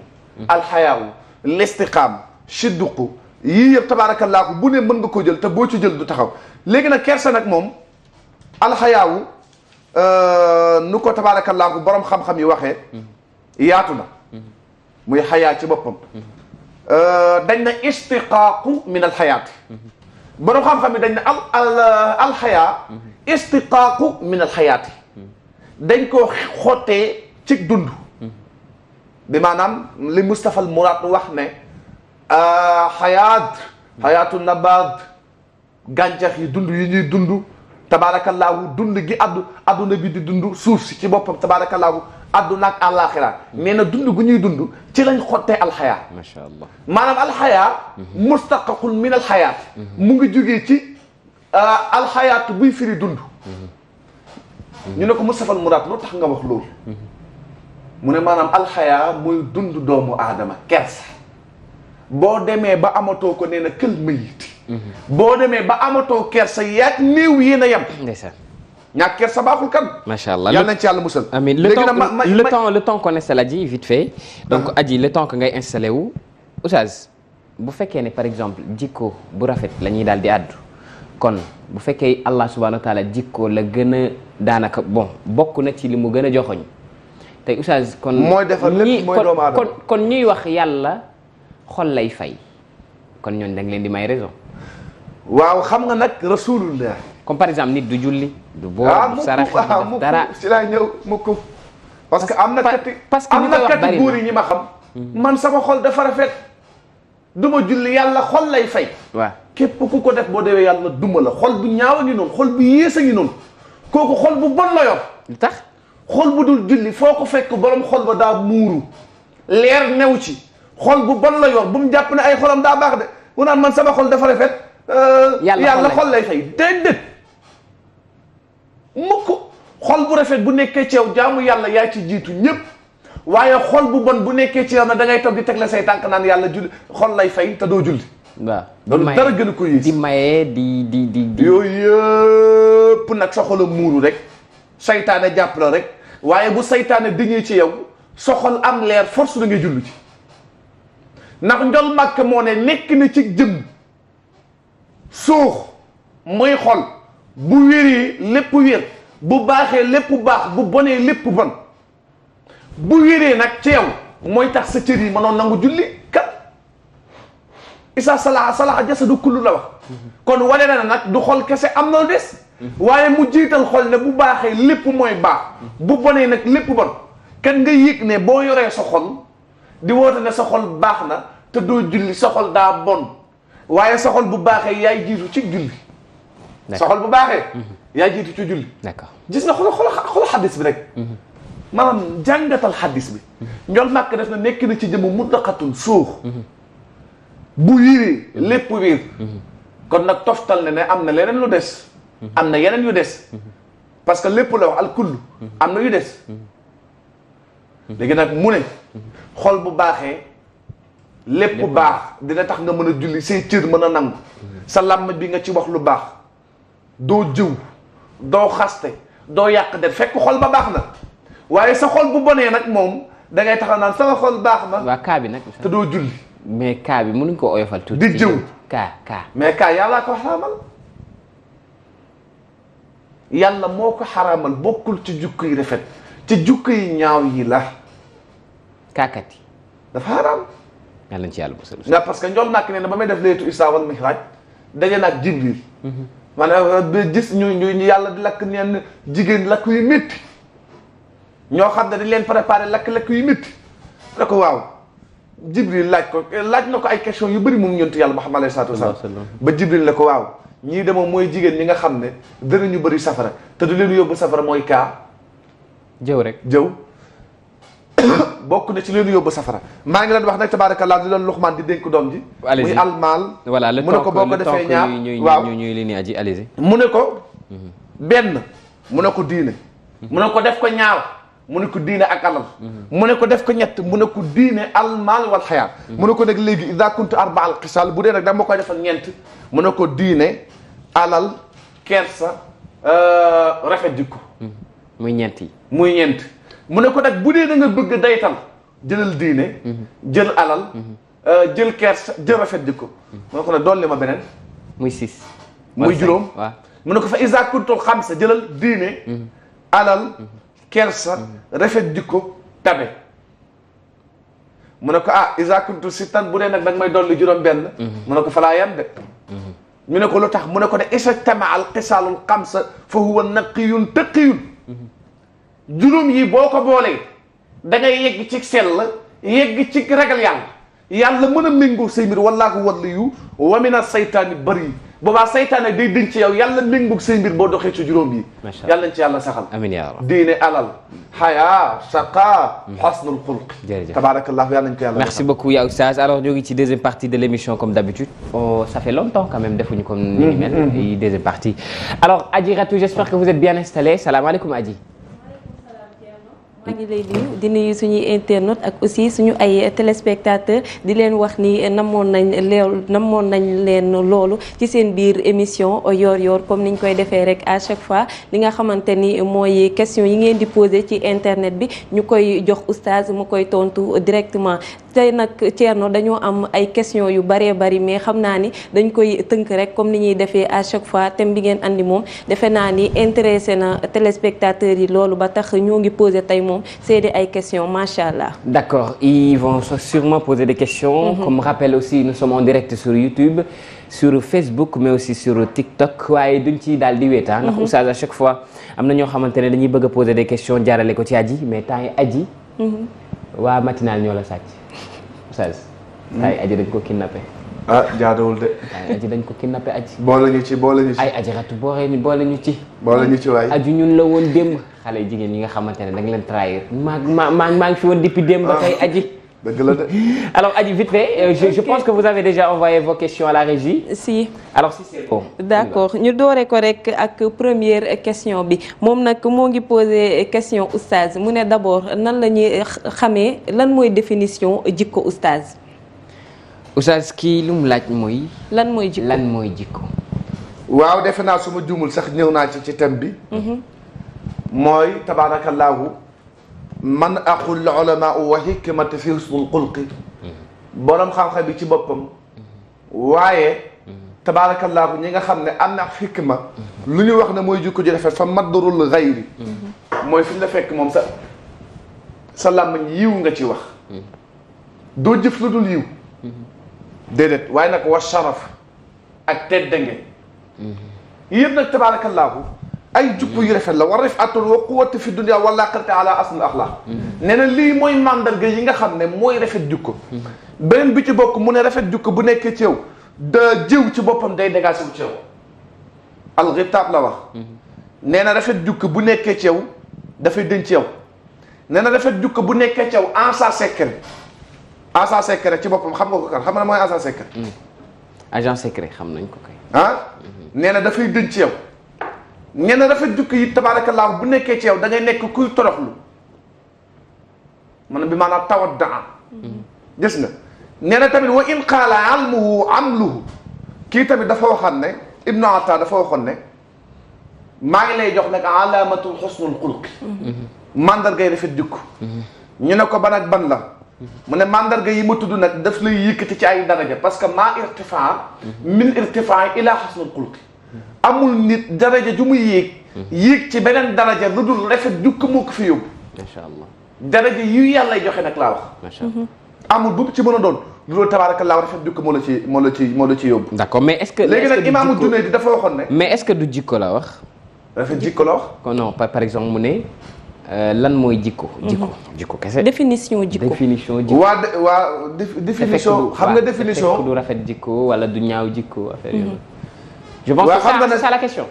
alxayaawu listiqaam sidduqu yii yëpp tabaarakallaahu bu ne mën nga koo jël te boo ci jël du taxaw léegi nag kerse nag moom alxayaawu Euh, nu ko tabaarakallaahu borom xam-xam yi waxee mm-hmm. yaatu mm-hmm. muy xayaa ci boppam mm-hmm. euh, dañ na istiqaaqu min alxayaati borom xam-xam yi dañ na alxayaa euh, istiqaaqu min alxayaati dañ ko xottee ci dund bi maanaam li Moustapha al Mourad wax ne xayaat na nabaad gàncax yi dund yi ñuy dund tabaarakallaahu dund gi addu adduna bi di dund suuf si ci boppam tabaarakallaahu adduna ak àllaaxira nee na dund gu ñuy dund ci lañ xottee alxayaa macha allah maanaam alxayaa mustaqaqun min alxayaat mu ngi jógee ci ah, alxayaat buy firi dund mhm. ñu ne ko Moustapha al Mourad loo tax nga wax loolu mhm. mu ne maanaam alxayaa muy dund doomu aadama kersa boo demee ba amatoo ko nee na kël mayiti Mm-hmm. boo demee ba amatoo kersa yaag néew yéen a yem. ñàkk kersa baaxul kan. macha allah yal nañ ci yàlla musal. amiin le temps le temps le temps qu'on installe Adji vite fait. donc aji ah. le temps ngay installé wu oustaz bu fekkee ne par exemple jikko bu rafet la ñuy daal di àddu kon bu fekkee Allah subhanahu wa taala jikko la gën a daanaka bon bokk na ci li mu gën a joxoñ tey oustaz kon mooy defar lépp kon kon ñuy wax yàlla xol lay fay kon ñooñ da leen di may raison. waaw xam nga nag rasulullah comme par exemple nit du julli du boor ah, du sarax du ah, dara si laa ñëw mukk parce am na kati parce que am na kati buur yi ñi ma xam hmm. man sama xol dafa rafet du julli yàlla xol lay fay waaw képp ku ko def boo dewee yàlla duma la xol bu ñaaw a ngi noonu xol bu yées a ngi noonu kooku xol bu bon la yor lu tax xol bu dul julli foo ko fekk borom xol ba daa muuru leer new ci xol bu bon la yor bu mu jàpp ne ay xolam daa baax de mu naan man sama xol dafa rafet Euh, yàlla xol lay fay déedéet mukk xol bu rafet bu nekkee ci yow jaamu yàlla yaa ci jiitu ñëpp waaye xol bu bon bu nekkee ci yow na dangay ngay toog di teg la say tànk naan yàlla julli xol lay fay te doo julli waaw loolu dara gën a ko yées di di di di di yooyu yëpp nag sa xol a rek saytaane jàpp rek waaye bu saytaane diñee ci yow sa xol am leer force da ngay julli ci ndax njol màkk moo ne nekk na ci jëm suux mooy xol bu wéree lépp wér bu baaxee lépp baax bu bonee lépp bon bu wéree nag ci yow mooy tax sa cër yi mënoon nangu julli kat isa salaha salaha du kullu la wax kon wane na nag du xol kese am na des waaye mu jiital xol ne bu baaxee lépp mooy baax bu bonee nag lépp bon kan nga yëg ne boo yoree sa xol di woote ne sa xol baax na te doo julli sa xol daa bon waaye soxol bu baaxee yaay jiitu ci julli soxol bu baaxee mhm. yaay jiitu ci julli d'accord gis nga xool xool xaddis bi rek mhm. maanaam jàngatal xaddis bi mhm. njol màkk def na nekk na ci jëmm mutlaqatun suux bu wiiree lépp wiir kon nag toftal ne ne am na leneen lu des am na yeneen yu des parce que lépp la wax alkullu am na yu des léegi nag mu ne xol bu baaxe lépp baax dina tax nga mën a julli say cër mën a nangu sa làmm bi nga ci wax lu baax doo jëw doo xaste doo yàq der fekk xol ba baax na waaye sa xol bu bonee nag moom da ngay taxaw naan sama xol baax na waaw kaa bi nag te doo julli mais kaa bi mënuñ ko oyofal tuuti di jëw kaa kaa mais kaa yàllaa ko xaraamal yàlla moo ko xaraamal bokkul ci jukko yi rafet ci jukko yi ñaaw yi la kaakat yi dafa xaraam yàlla nañ ci yàlla musal nga parce que njool nàkk nee na ba may def laytu isra wal mihraj daje naag jibril mhm. maanaam euh, gis ñu ñu yàlla di lakk ñenn jigéen lakk yu métti ñoo xam ne dañ leen préparé lakk-lakk yu métti ne ko waaw jibril laaj ko eh, laaj na ko ay question yu bëri moom ñentu yàlla Muhammad alayhi salaatu wasalaam ba jibril la ko waaw ñii demoom mooy jigéen ñi nga xam ne danañu bëri safara te du leen yóbbu safara mooy kaa jëw rek jëw bokk na ci leen yóbbu safara maa ngi leen wax nag tabaarakallah di doon luxmaan di dénk doom ji muy almaal voilà mu ne ko boo ko defee ñaar waaw ñuy li ni aji allez mu ne ko benn mu ne ko diine mhm. mu ne ko def ko ñaaw mu ne ko diine ak alal mhm. ne ko def ko ñett mu ne ko diine almaal wal xayaat mhm. mu ne ko nag léegi ida kuntu arba al bu dee nag dama koy def ak ñeent mu ne ko diine alal kersa euh, rafet jikko muy ñeent yi muy ñeent mu ne ko nag bu dee da nga bëgg daytal jëlal diine mhm. jël alal mhm. euh, jël kersa jël rafet jikko mhm. mu ne ko nag dolli ma beneen muy six muy juróom mu ne ko fa isa kuntul xamsa jëlal dine alal kersa rafet jikko tabe mu ne ko ah isa kuntul sittan bu dee nag danga may dolli juróom benn mu ne ko fa laa yem mu ne ko lu tax mu ne ko de isa tama al xisaalul xamsa fa huwa naqiyun taqiyun juróom yi boo ko boolee da ngay yegg ci sell yegg ci ragal yàlla yàlla mën a méngoo say mbir wallaahu waliyu wa mina saytaani bari boobaa saytaane day denc yow yàlla méngoog say mbir boo doxee ci juróom yi yàlla ci yàlla saxal amiin yaa rab diine alal xayaa saqa xasnul mm. xulq jërëjëf tabaarakallah yàlla nañ ko yàlla merci beaucoup yaa oustaz alors ñoo ngi ci deuxième partie de l'émission comme d'habitude oh, ça fait longtemps quand même defuñu comme ni mm, mel mm, deuxième partie alors Adji Ratou maa ngi lay nuyu di nuyu suñuy internautes ak aussi suñu ay téléspectateurs di leen wax ni namoon nañ leen namoon nañ leen loolu ci seen biir émission yoor-yoor comme niñ koy defee rek à chaque fois li nga xamante ni mooy question yi ngeen di poser ci internet bi ñu koy jox oustaz mu koy tontu directement. tey nag Thierno dañoo am ay questions yu bëree bari mais xam naa ni dañ koy tënk rek comme ni ñuy defee à chaque fois thème bi ngeen andi moom defe naa ni intéressé na téléspectateurs yi loolu ba tax ñoo ngi posé tey moom seede ay questions macha allah. d' accord von vont sûrement poser des questions. Mhm. comme rappel aussi nous sommes en direct sur YouTube. sur Facebook mais aussi sur TikTok waaye duñ ci daal di wéet ah. ndax mhm. oustaz à chaque fois am na ñoo xamante ne dañuy bëgg a de des questions ko ci aji mais temps yi aji. Mhm. waa matinal ñoo la sàcc. Oustaz. ay hmm. aji dañ ko kidnappé. ah jaaduwul de. ay aji dañ ko kidnappé aji. boole ñu ci boole ñu ci. ay aji ñu ñun la woon démb. xale jigéen ñi nga xamante ne da nga leen trahir. maa maa maa woon depuis démb. ba ah. aji. dëgg la de. alors Adji vite fait euh, je, je pense que vous avez déjà envoyé vos questions la régie. si alors si c'est bon. d'accord ñu doore ko rek ak première question bi moom nag moo ngi posé question oustaz mu ne d'abord nan la ñuy xamee lan mooy définition jikko oustaz. oustaz kii lu mu laaj mooy. lan mooy jikko lan mooy jikko. waaw defe naa su ma juumul sax ñëw naa ci ci thème bi. Mhm. mooy tabaarakallaahu man aqul ulama wa hikmati fi husnul xulqi borom xam-xam bi ci boppam waaye tabaarakallaahu ñi nga xam ne am na xikma lu ñu wax ne mooy jikko ji rafet fa maddarul xayri mooy fi la fekk moom sa sa làmmiñ yiw nga ci wax doo jëf lu dul yiw déedéet waaye nag wa sharaf ak teddange yëpp nag tabaarakallaahu ay jukko yu rafet la war rifatul wa quwwatu fi dunya wal akhirati ala asl akhlaq mm-hmm. nee na lii mooy màndarga yi nga xam ne mooy rafet jukko mm-hmm. beneen bi ci bokk mu ne rafet jukko bu nekkee ci yow jiw ci boppam day dégagé wu ci yow la wax mm-hmm. nee na rafet jukko bu nekkee ci yow dafay dëñ ci yow nee na rafet jukko bu nekkee ci yow en sa secret en sa secret ci boppam xam nga ko kan xam na mooy en sa secret mm. agent secret xam nañ ko kay ah nee na dafay dëñ ci yow nee na rafet yi tabaarakallaahu bu nekkee ci yow da nekk kuy toroxlu maanaam bi maanaam tawat daa gis nga nee tamit wa in qaala almuhu amluhu kii tamit dafa waxoon ne ibnu ata dafa waxoon ne maa ngi lay jox nag alaamatul xusnul xulqi mandargay rafet jukk ñu ko ban ban la mu ne mandarga yi ma tudd nag daf lay yëkkati ci ay daraja parce que maa irtifaa min irtifaa ila xusnul xulqi amul nit daraja ju mu yéeg mm-hmm. yéeg ci beneen daraja lu dul rafet jukk moo ko fi yóbbu macha allah daraja yu yàlla joxe nag laa wax macha allah mm-hmm. amul bu ci mën a doon laa tabaarakallaa rafet jukk moo la ci moo la ci moo la ci yóbbu d'accord mais est-ce que léegi nag imaamu Junayd di dafa waxoon ne mais est-ce que du jikko la wax rafet jikko la wax non par exemple mu ne euh, lan mooy jikko. Mm-hmm. jikko jikko kese. définition jikko définition jikko. waa de waa définition. xam nga définition du rafet jikko wala du ñaaw jikko affaire yooyu. je pense que c'est ça la question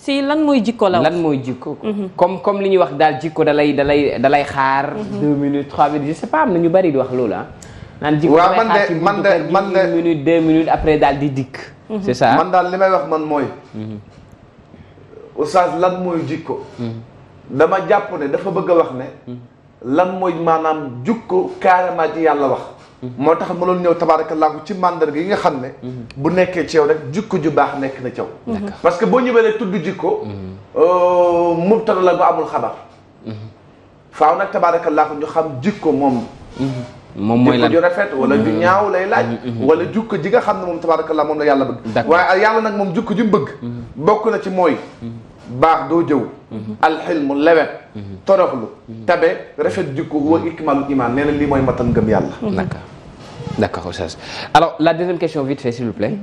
si lan mooy jikko la lan mooy jikko mhm. comme comme li ñuy wax daal jikko dalay dalay dalay xaar mhm. deux minutes trois minutes je pas am na ñu bari di wax loolu ah naan jikko dalay xaar ci man de man de minutes deux minutes après daal di dikk mhm. c'est ça man daal li may wax man mooy oustaz lan mooy jikko dama jàpp ne dafa bëgg a wax ne lan mooy maanaam jukko carrément ci yàlla wax Mhm. moo tax ma doon ñëw tabaarakallaahu ci màndarga yi nga xam ne. Mhm. bu nekkee ci yow rek jikko ju baax nekk na ci yow. parce que boo ñëwee rek tudd jikko. Mhm. Euh, mubtada la bu amul xabar. faaw nag tabaarakallaahu ñu xam jikko moom. moom mooy lan ju rafet wala ju ñaaw lay laaj. wala jukko ji nga xam ne moom tabaarakallaahu moom la yàlla bëgg. waaye yàlla nag moom jukko ji mu bëgg. bokk na ci mooy. baax doo jëw mhm. alxilmu lewet mhm. toroxlu mhm. tabe rafet jikko huwa ikmalu iman nee na lii mooy matal ngëm yàlla d'accord d'accord oustaz alors la deuxième question vite fait s'il vous plaît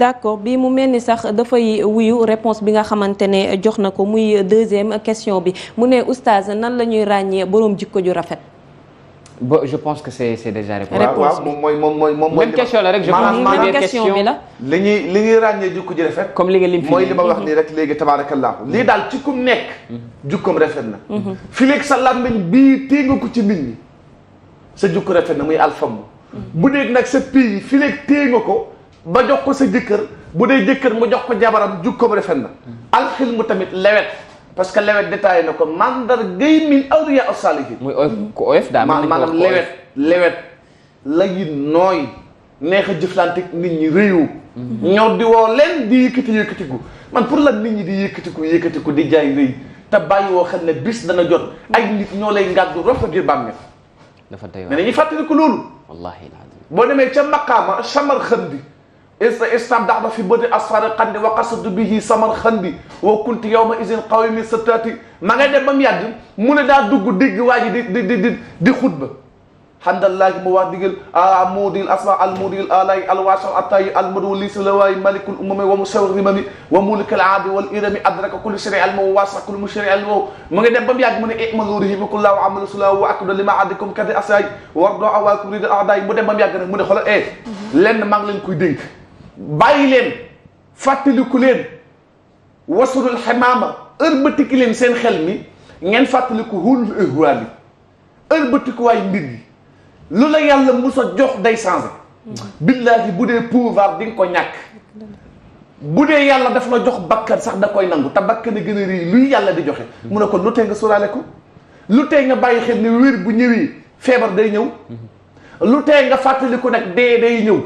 bi mu mel ni sax dafay wuyu réponse bi nga xamante ne jox na ko muy deuxième question bi mu ne oustaz nan la ñuy ràññee boroom jikko ju rafet ba je pense que c'est déjà mooy moom mooy moom mooy. même question la rek je pense question bi la. li ñuy li li nga lim fi mooy li ma wax mhm. nii rek léegi tabaarakallaa lii daal ci kum nekk. Mhm. jukkoom rafet na. Mhm. fi léegi sa làmmiñ bii téye nga ko ci nit sa jukku rafet na muy alfam. bu dee nag sa pii fi léegi téye ko ba jox ko sa jëkkër bu dee jëkkër mu jox ko jabaram jukkoom rafet na. alxil mu tamit lewet. parce que lewet détaillé na ko mandar gay min awliya as-salihin muy oyof ku oyof daa maanaam lewet lewet la nooy neex a jëflanteeg nit ñi réyu mhm. ñëw di woo leen di yëkkati yëkkatiku man pour la nit ñi di yëkkatiku yëkkatiku di jaay rëy te bàyyi woo xam ne bis dana jot ay nit ñoo lay ngàddu rofa biir bàmmeel dafa tey mais dañuy fàttaliku loolu boo demee ca maqaama samar xëndi istabdaxda fi bëdi asfari xandi wa qasadu bihi samar xandi wa kunti yawma isin qawmi sataati ma ngay dem ba mu mu ne daa dugg digg waa ji di di di di di xutba xandallaahi mu wax diggal a muudil asma al muudil alay alwaasal atayi almado liisi la waay malikul umami wa musawrimami wa mulikal aadi wal irami adraka kulli shari alma wa waasa kulli mushari alma mu ngi dem ba mu yàgg mu ne imalu rihimakullah wa amalu sula wa akdo lima adikum kadi asay wardo awaakum rida aday mu dem ba mu yàgg nag mu ne xoolal eh, lenn maa ngi leen koy dénk bàyyi leen fàttaliku leen wasurul xemaama ërbëtiki leen seen xel mi ngeen fàttaliku huul ihwaal yi ërbëtikuwaay mbir yi lu la yàlla mus a jox day changé billaahi bu dee pouvoir di ko ñàkk bu dee yàlla daf la jox bakkan sax da koy nangu te bakkan a gën a réy luy yàlla di joxe mu ne ko lu tee nga sóoraale ko lu tee nga bàyyi xel ne wér bu ñëwee feebar day ñëw lu tee nga fàttaliku nag dee day ñëw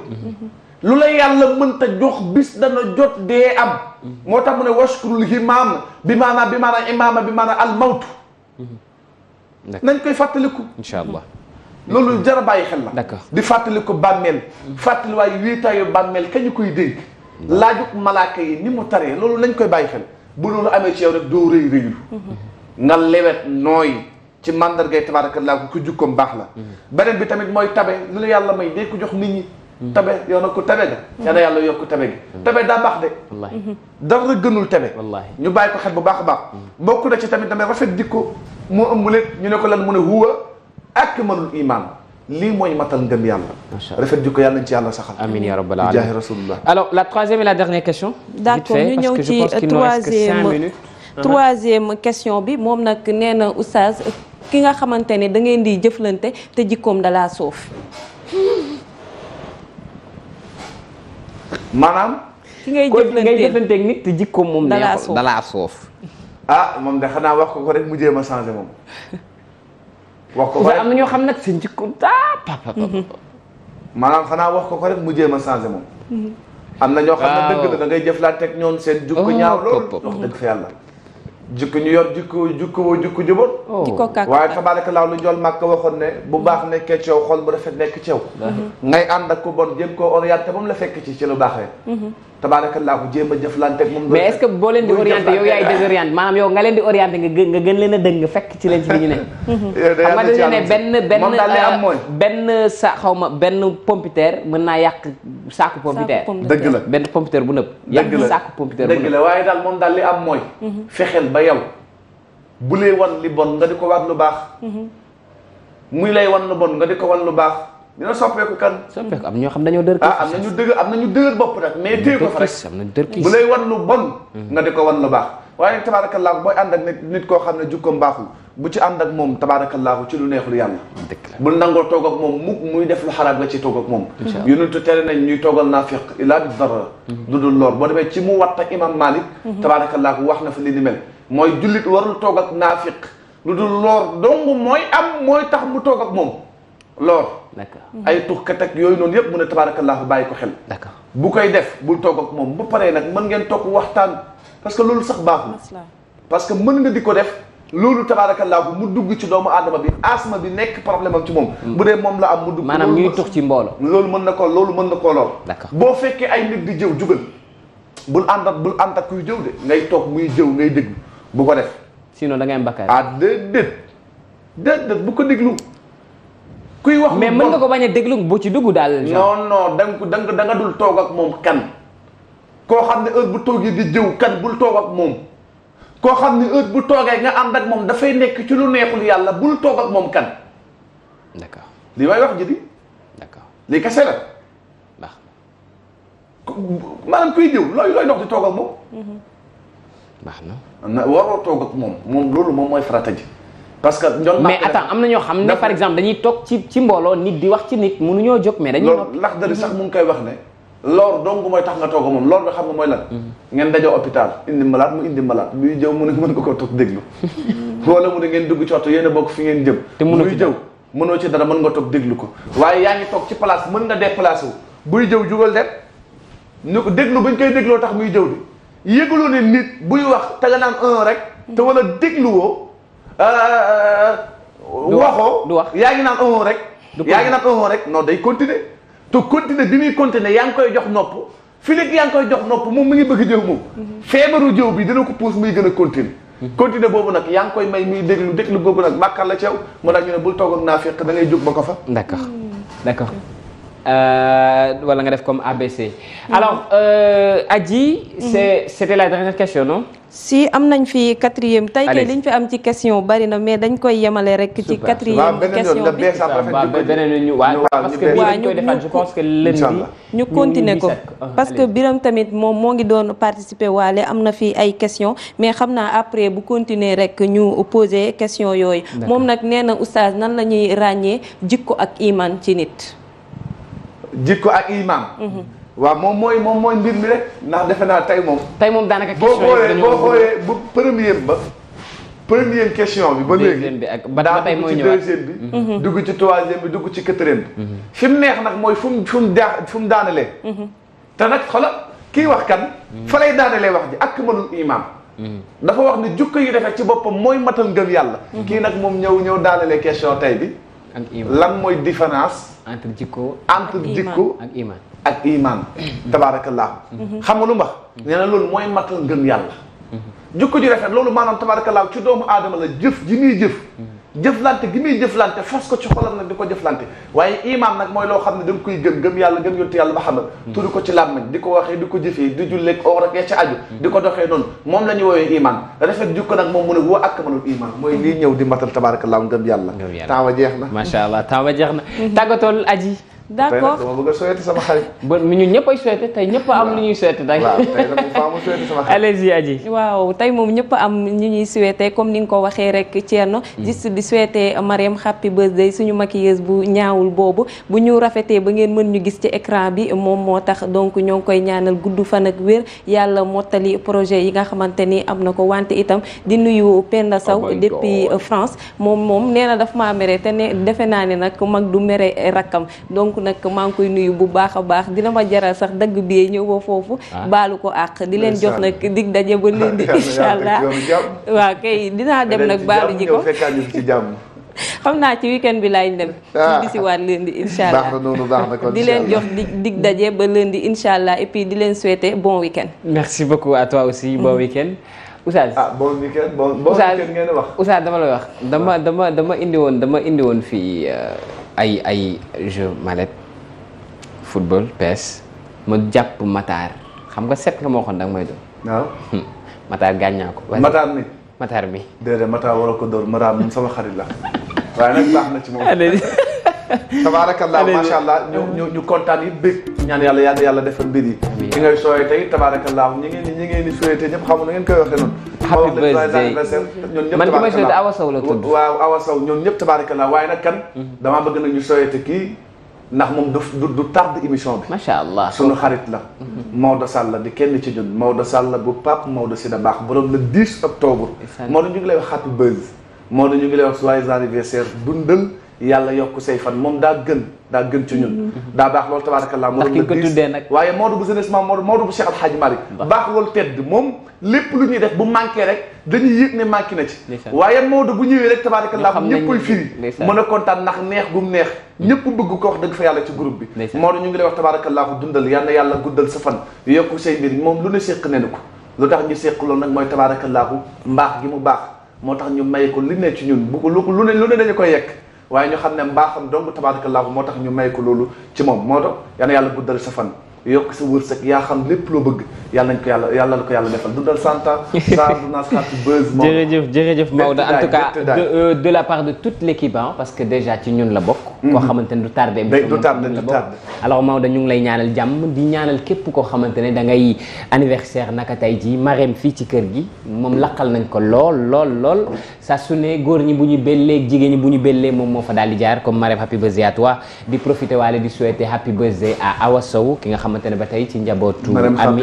lu la yàlla mënta jox bis dana jot dee am moo tax mu ne waskurul himaam bi maanaa bi maanaa imaama bi maanaa al mawtu nañ koy fàttaliku incha allah loolu jar a bàyyi xel la d'accord di fàttaliku bàmmeel mm. fàttali waaye wéetaayu bàmmeel ka ñu koy dégg laajug malaaka yi ni mu taree loolu nañ koy bàyyi xel bu loolu amee ci yow rek doo rëy rëyul mm-hmm. nga lewet nooy ci mandargay tabaarakallaa ku jukkoom baax la mm-hmm. beneen bi tamit mooy tabe lu la yàlla may dee ko jox nit ñi Mhm. tabe yow nag ku tabe ga mhm. yal na yàlla yokk tabe gi mhm. tabe daa baax de dara gënul tabe ñu bàyyi ko xel bu baax a baax bokk na ci tamit damay rafet dikko moo ëmb lépp ñu ne ko lan mu ne huwa akmalul iman lii mooy matal ngëm yàlla rafet jikko yàlla nañ ci yàlla saxal amiin yaa rabbal alamin jaahi rasulullah alors la troisième et la dernière question d'accord ñu ñëw ci euh, troisième euh, troisième question bi moom nag nee na oustaz ki nga xamante ne da ngeen di jëflante te jikkoom dalaa soof maanaam. ki ngay jëflanteeg nit te jikkoom moom. neexul dalaa soof ah moom de xanaa wax ko ko rek mu jéem a changé moom. wax ko ko rek am na ñoo xam nag seen jikkoom daa papa papa. Mm-hmm. maanaam xanaa wax ko ko rek mu jéem a changé moom. Mm-hmm. am na ñoo xam ne dëgg la da ngay jëflanteeg ñoom seen. jikko oh, ñaaw lool wax dëgg fa jikko ñu yor jikko jikko woo jikko jubal oh. jikko kàkk waaye tabaarakallaa lu njool màkk waxoon ne bu baax nekkee ceew xol bu rafet nekk ceew mhm. ngay ànd ak ku bon ko koo orienté moom la fekk ci ci lu baaxee tabaarakallaahu jéem a jëflante ak moom. mais est-ce que boo leen di orienté nga leen di orienté nga gën leen a dëng fekk ci leen ci li ñu ne. xam nga dañu benn euh, benn sa xaw ma benn pompiteer mën naa yàq saaku pompiteer. dëgg la benn pompiteer bu nëb. la yàq saaku pompiteer bu nëb dëgg la waaye daal moom daal li am mooy. Mhm. fexeel ba yow bu lay wan li bon nga di ko waat lu baax. Mhm. muy lay wan lu bon nga di ko wan lu baax. dina soppeeku kan. soppeeku am ñoo xam dañoo dër. Ah, am na ñu dëgër am na ñu dëgër bopp rek. mais téye ko fa rek am na dër kiis bu lay hmm. wan lu baax. waaye tabaarakallaahu booy ànd ak nit nit koo xam ne jukkoom baaxul bu ci ànd ak moom tabaarakallaahu ci lu neexul yàlla. dëgg la nangoo toog ak moom mukk muy def lu xaraam nga ci toog ak moom. incha allah yonent tere nañ ñuy toogal naafiq illaa bi dara. du hmm. dul lor boo demee ci mu watta imam Malik. Hmm. tabaarakallaahu wax na fa li ni mel. mooy jullit warul toog ak naafiq lu dul lor dong mooy am mooy tax mu toog ak moom lool. d'accord ay tuxkat ak yooyu noonu yëpp mu ne tabaarakallaahu bàyyi ko xel. d'accord bu koy def bul toog ak moom bu paree nag mën ngeen toog waxtaan parce que loolu sax baaxul. parce que mën nga di ko def. loolu tabaarakallaahu mu dugg ci doomu aadama bi asma bi nekk problème am ci moom. Hmm. bu dee moom la am mu dugg. maanaam ñuy tux ci mbooloo. loolu mën na ko loolu mën na koo lool. boo fekkee ay nit di jëw jugal. bul ànd ak bul ànd ak kuy jëw de ngay toog muy jëw ngay déglu bu ko def. sinon da ngay mbakkaay. ah déedéet déedéet bu ko déglu. kuy wax mais mën nga ko bañ a déglu boo ci dugg daal. noon non da nga da nga dul toog ak moom kan. koo xam ne heure bu toogee di kan bul toog ak moom. koo xam ne heure bu toogee nga ànd ak moom dafay nekk ci lu neexul yàlla bul toog ak moom kan. d'accord li may wax ji di. d'accord li kese la. ndax maanaam kuy jëw looy looy dox di toog ak moom. Mhm. baax na. waroo toog ak moom moom loolu moom mooy farata ji. parce que ñoom mais attends am na ñoo xam ne par exemple dañuy toog ci ci mbooloo nit di wax ci nit mënuñoo jóg mais dañuy noppi lax dali sax mu ngi koy wax ne lor dong mooy tax nga toog moom lor bi xam nga mooy lan mhm. ngeen dajoo hôpital indi malaat mu indi malaat buy jëw mu ne mën nga koo toog déglu wala mu ne ngeen dugg bokk fi ngeen jëm te buy jëw mënoo ci dara mën déglu ko waaye yaa ngi toog ci place mën nga déplacé wu buy jëw jugal dem ñu ko déglu bañ koy dégloo tax muy jëw bi yëgaloo ne nit buy wax te naan un rek te wala dégluwoo Euh, waxoo du wax yaa ngi naan amoo rek yaa ngi naan amoo rek non day continuer te continuer bi muy continuer yaa ngi koy jox nopp fi léegi yaa ngi koy jox nopp moom mi ngi bëgg jëw moom mhm. feebaru jëw bi dina ko pousse muy gën a continuer mhm. continuer boobu nag yaa ngi koy may muy déglu déglu boobu nag bàkkaar la ceew moo tax ñu ne bul toog naa fekk da jóg ba ko fa d'accord mm. d'accord Euh, wala nga def comme ABC. alors euh, Adji. c'est mhm. c'était la dernière question no si am nañ fi quatrième tey li ñu fi am ci question bari na mais dañ koy yemale rek ci quatrième question bi waaw beneen ñu waaw parce que bii dañ koy defaat ñu continuer ko ah, parce que biram tamit moom moo ngi doon participer waale am na fi ay question mais xam naa après bu continuer rek ñu poser question yooyu moom nag nee na oustaz nan la ñuy ràññee jikko ak iman ci nit jikko ak imaam. Mhm. waa moom mooy moom mooy mbir mi rek ndax defe naa tey moom. tey moom daanaka question boo xoolee boo xoolee bu première ba. première question bi ba léegi bi ak ba tey mooy ñëwaat dugg ci bi. Mhm. Mhm. dugg ci troisième dugg ci quatrième bi. mu neex nag mooy fu mu fu mu daa fu te nag xoolal kii wax kan. fa lay daanalee wax ji ak mënul imaam. dafa wax ne jukko yi defee ci boppam mooy matal ngëm yàlla. kii nag moom ñëw ñëw daanalee question tey bi. ak iman lan mooy différence. entre jikko entre jikko ak iman ak iman tabaarakallaahu mhm. xam nga lu mbax mhm. nee na loolu mooy matal ngëm yàlla. Mhm. jikko ji rafet loolu maanaam tabaarakallaahu ci doomu aadama la jëf ji muy jëflante gi muy jëflante fas ko ci xolam nag di ko jëflante waaye imaam nag mooy loo xam ne da nga koy gëm gëm yàlla gëm yontu yàlla Muhammad hmm. tudd ko ci làmmiñ di ko waxee di ko jëfee di julleeg oor ak ci aju hmm. di ko doxee noonu moom la ñu woowee imaan rafet jukko nag moom mu ne huwa akmalul imaan mooy lii ñëw di matal tabaarakallaah ngëm yàlla temps wa jeex na macha allah temps jeex na tàggatool aji d'accord tey nag dama bëgg a souhaiter sama xarit. ba ñun ñëpp ay souhaiter tey ñëpp am lu ñuy souhaiter. waaw tey waaw tey moom ñëpp am ñu ñuy souhaiter comme ni nga ko waxee rek Thierno. Hmm. juste di souhaiter Mariam happy birthday suñu maquilleuse bu ñaawul boobu bu ñu rafetee ba ngeen mën ñu gis ci écran bi moom moo tax donc ñoo ngi koy ñaanal gudd fan ak wér yàlla mottali projet yi nga xamante ni am na ko wante itam di nuyu Penda Sow oh depuis France moom moom nee dafa daf maa mere te ne defe naa ne nag mag du mere rakkam donc. nag maa koy nuyu bu baax a baax dina ma jaral sax dagg biyee ñëw ba foofu ah. baalu ko àq di leen jox nag dig daje ba lundi incha allah waaw kay dinaa dem nag baalu ji ko ci jàmm xam naa ci weekend bi laay dem. ah ci waat lundi incha allah baax di leen jox dig dig daje ba lundi incha allah et puis di leen souhaiter bon weekend. merci beaucoup à toi aussi bon weekend. Oustaz ah bon weekend bon bon weekend ngeen wax. Oustaz dama lay wax dama dama dama indi woon dama indi woon fii. Euh, ay ay jeu mallette football PS ma jàpp Matar xam nga set nga moo xon danga may doon. waaw hmm. Matar gaañ naa ko. Matar mi Matar mi. déedéet Matar war a ko dóor Matar moom sama xarit la waaye nag baax na ci moom. tabaarakallah macha allah ñu ñu kontaan yi bëgg ñaan yàlla yàlla yàlla defal mbir yi. ki ngay sooyee tey tabaarakallah ñi ngeen ñi ngeen di tey ñëpp xamu na ngeen koy waxee noonu. happy birthday man ki may souhaité Awa Sow la tudd waaw Awa Sow ñoom ñëpp tabarakallah waaye na kan mhm. damaa bëgg na ñu souhaité kii ndax moom du du tarde émission bi macha allah sunu xarit la mhm. Maodo Sall di kenn ci ñun Maodo Sall bu Pape Maodo Sida Baax borom le 10 octobre Maodo ñu ngi lay wax happy birthday Maodo ñu ngi lay wax joyeux anniversaire dundal yàlla yokk say fan moom daa gën daa gën ci ñun mm-hmm. daa baax loolu tabaarakallaa moo doon ko tuddee nag waaye Maodo bu jeunesse maam Maodo Maodo bu Cheikh Alhaji Malick baax loolu tedd moom lépp lu ñuy def bu manqué rek dañuy yëg ne manqué na ci waaye Maodo bu ñëwee rek tabaarakallaa ñëppoy firi mën a kontaan ndax neex gum neex mm-hmm. ñëpp bëgg ko wax dëgg fa yàlla ci groupe bi Maodo ñu ngi lay wax tabaarakallaa ko dundal yal na yàlla guddal sa fan yokk say mbir moom lu ne séq nenu ko lu tax ñu séq loolu nag mooy tabaarakallaa mbaax gi mu baax moo tax ñu may ko li ne ci ñun bu ko lu ne lu ne dañu koy yekk waaye ñoo xam ne mbaa mbaaxam dong tabarakallahu moo tax ñu may ko loolu ci moom moo tax yàlla yàlla guddal sa fan yokk sa wërsëg yaa xam lépp loo bëgg yàlla nañ ko yàlla yàlla ko yàlla defal dundal santa sa dunas xaati buzz moom jërëjëf jërëjëf Maodo en tout cas de euh, de la part de toute parce que déjà ci ñun la bokk mhm. koo xamante ne du tardé du tardé du tardé alors Maodo ñu ngi lay ñaanal jàmm di ñaanal képp koo xamante ne da ngay anniversaire naka tey ji Marème fii ci kër gi moom laqal nañ ko lool lool lool saa su ne góor ñi bu ñu belleeg jigéen ñi bu ñu bellee moom moo fa daal di jaar comme Marème happy birthday a toi di profité waale di souhaiter happy birthday à Awa Sow ki nga xamante ne ba tey ci njabootu ami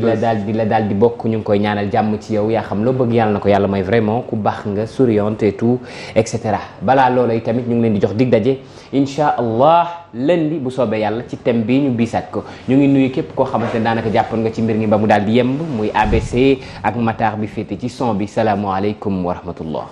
la daal di la daal di la daal di bokk ñu ngi koy ñaanal jàmm ci yow yaa xam loo bëgg yàlla na ko yàlla may vraiment ku baax nga souriante et tout et cetera balaa loola tamit ñu ngi leen di jox dig daje incha allah lundi bu soobee yàlla ci thème bii ñu biisaat ko ñu ngi nuyu képp koo xamante ne daanaka jàppoon nga ci mbir mi ba mu daal di yemb muy ABC ak Matar bi féete ci son bi salaamualeykum wa rahmatullah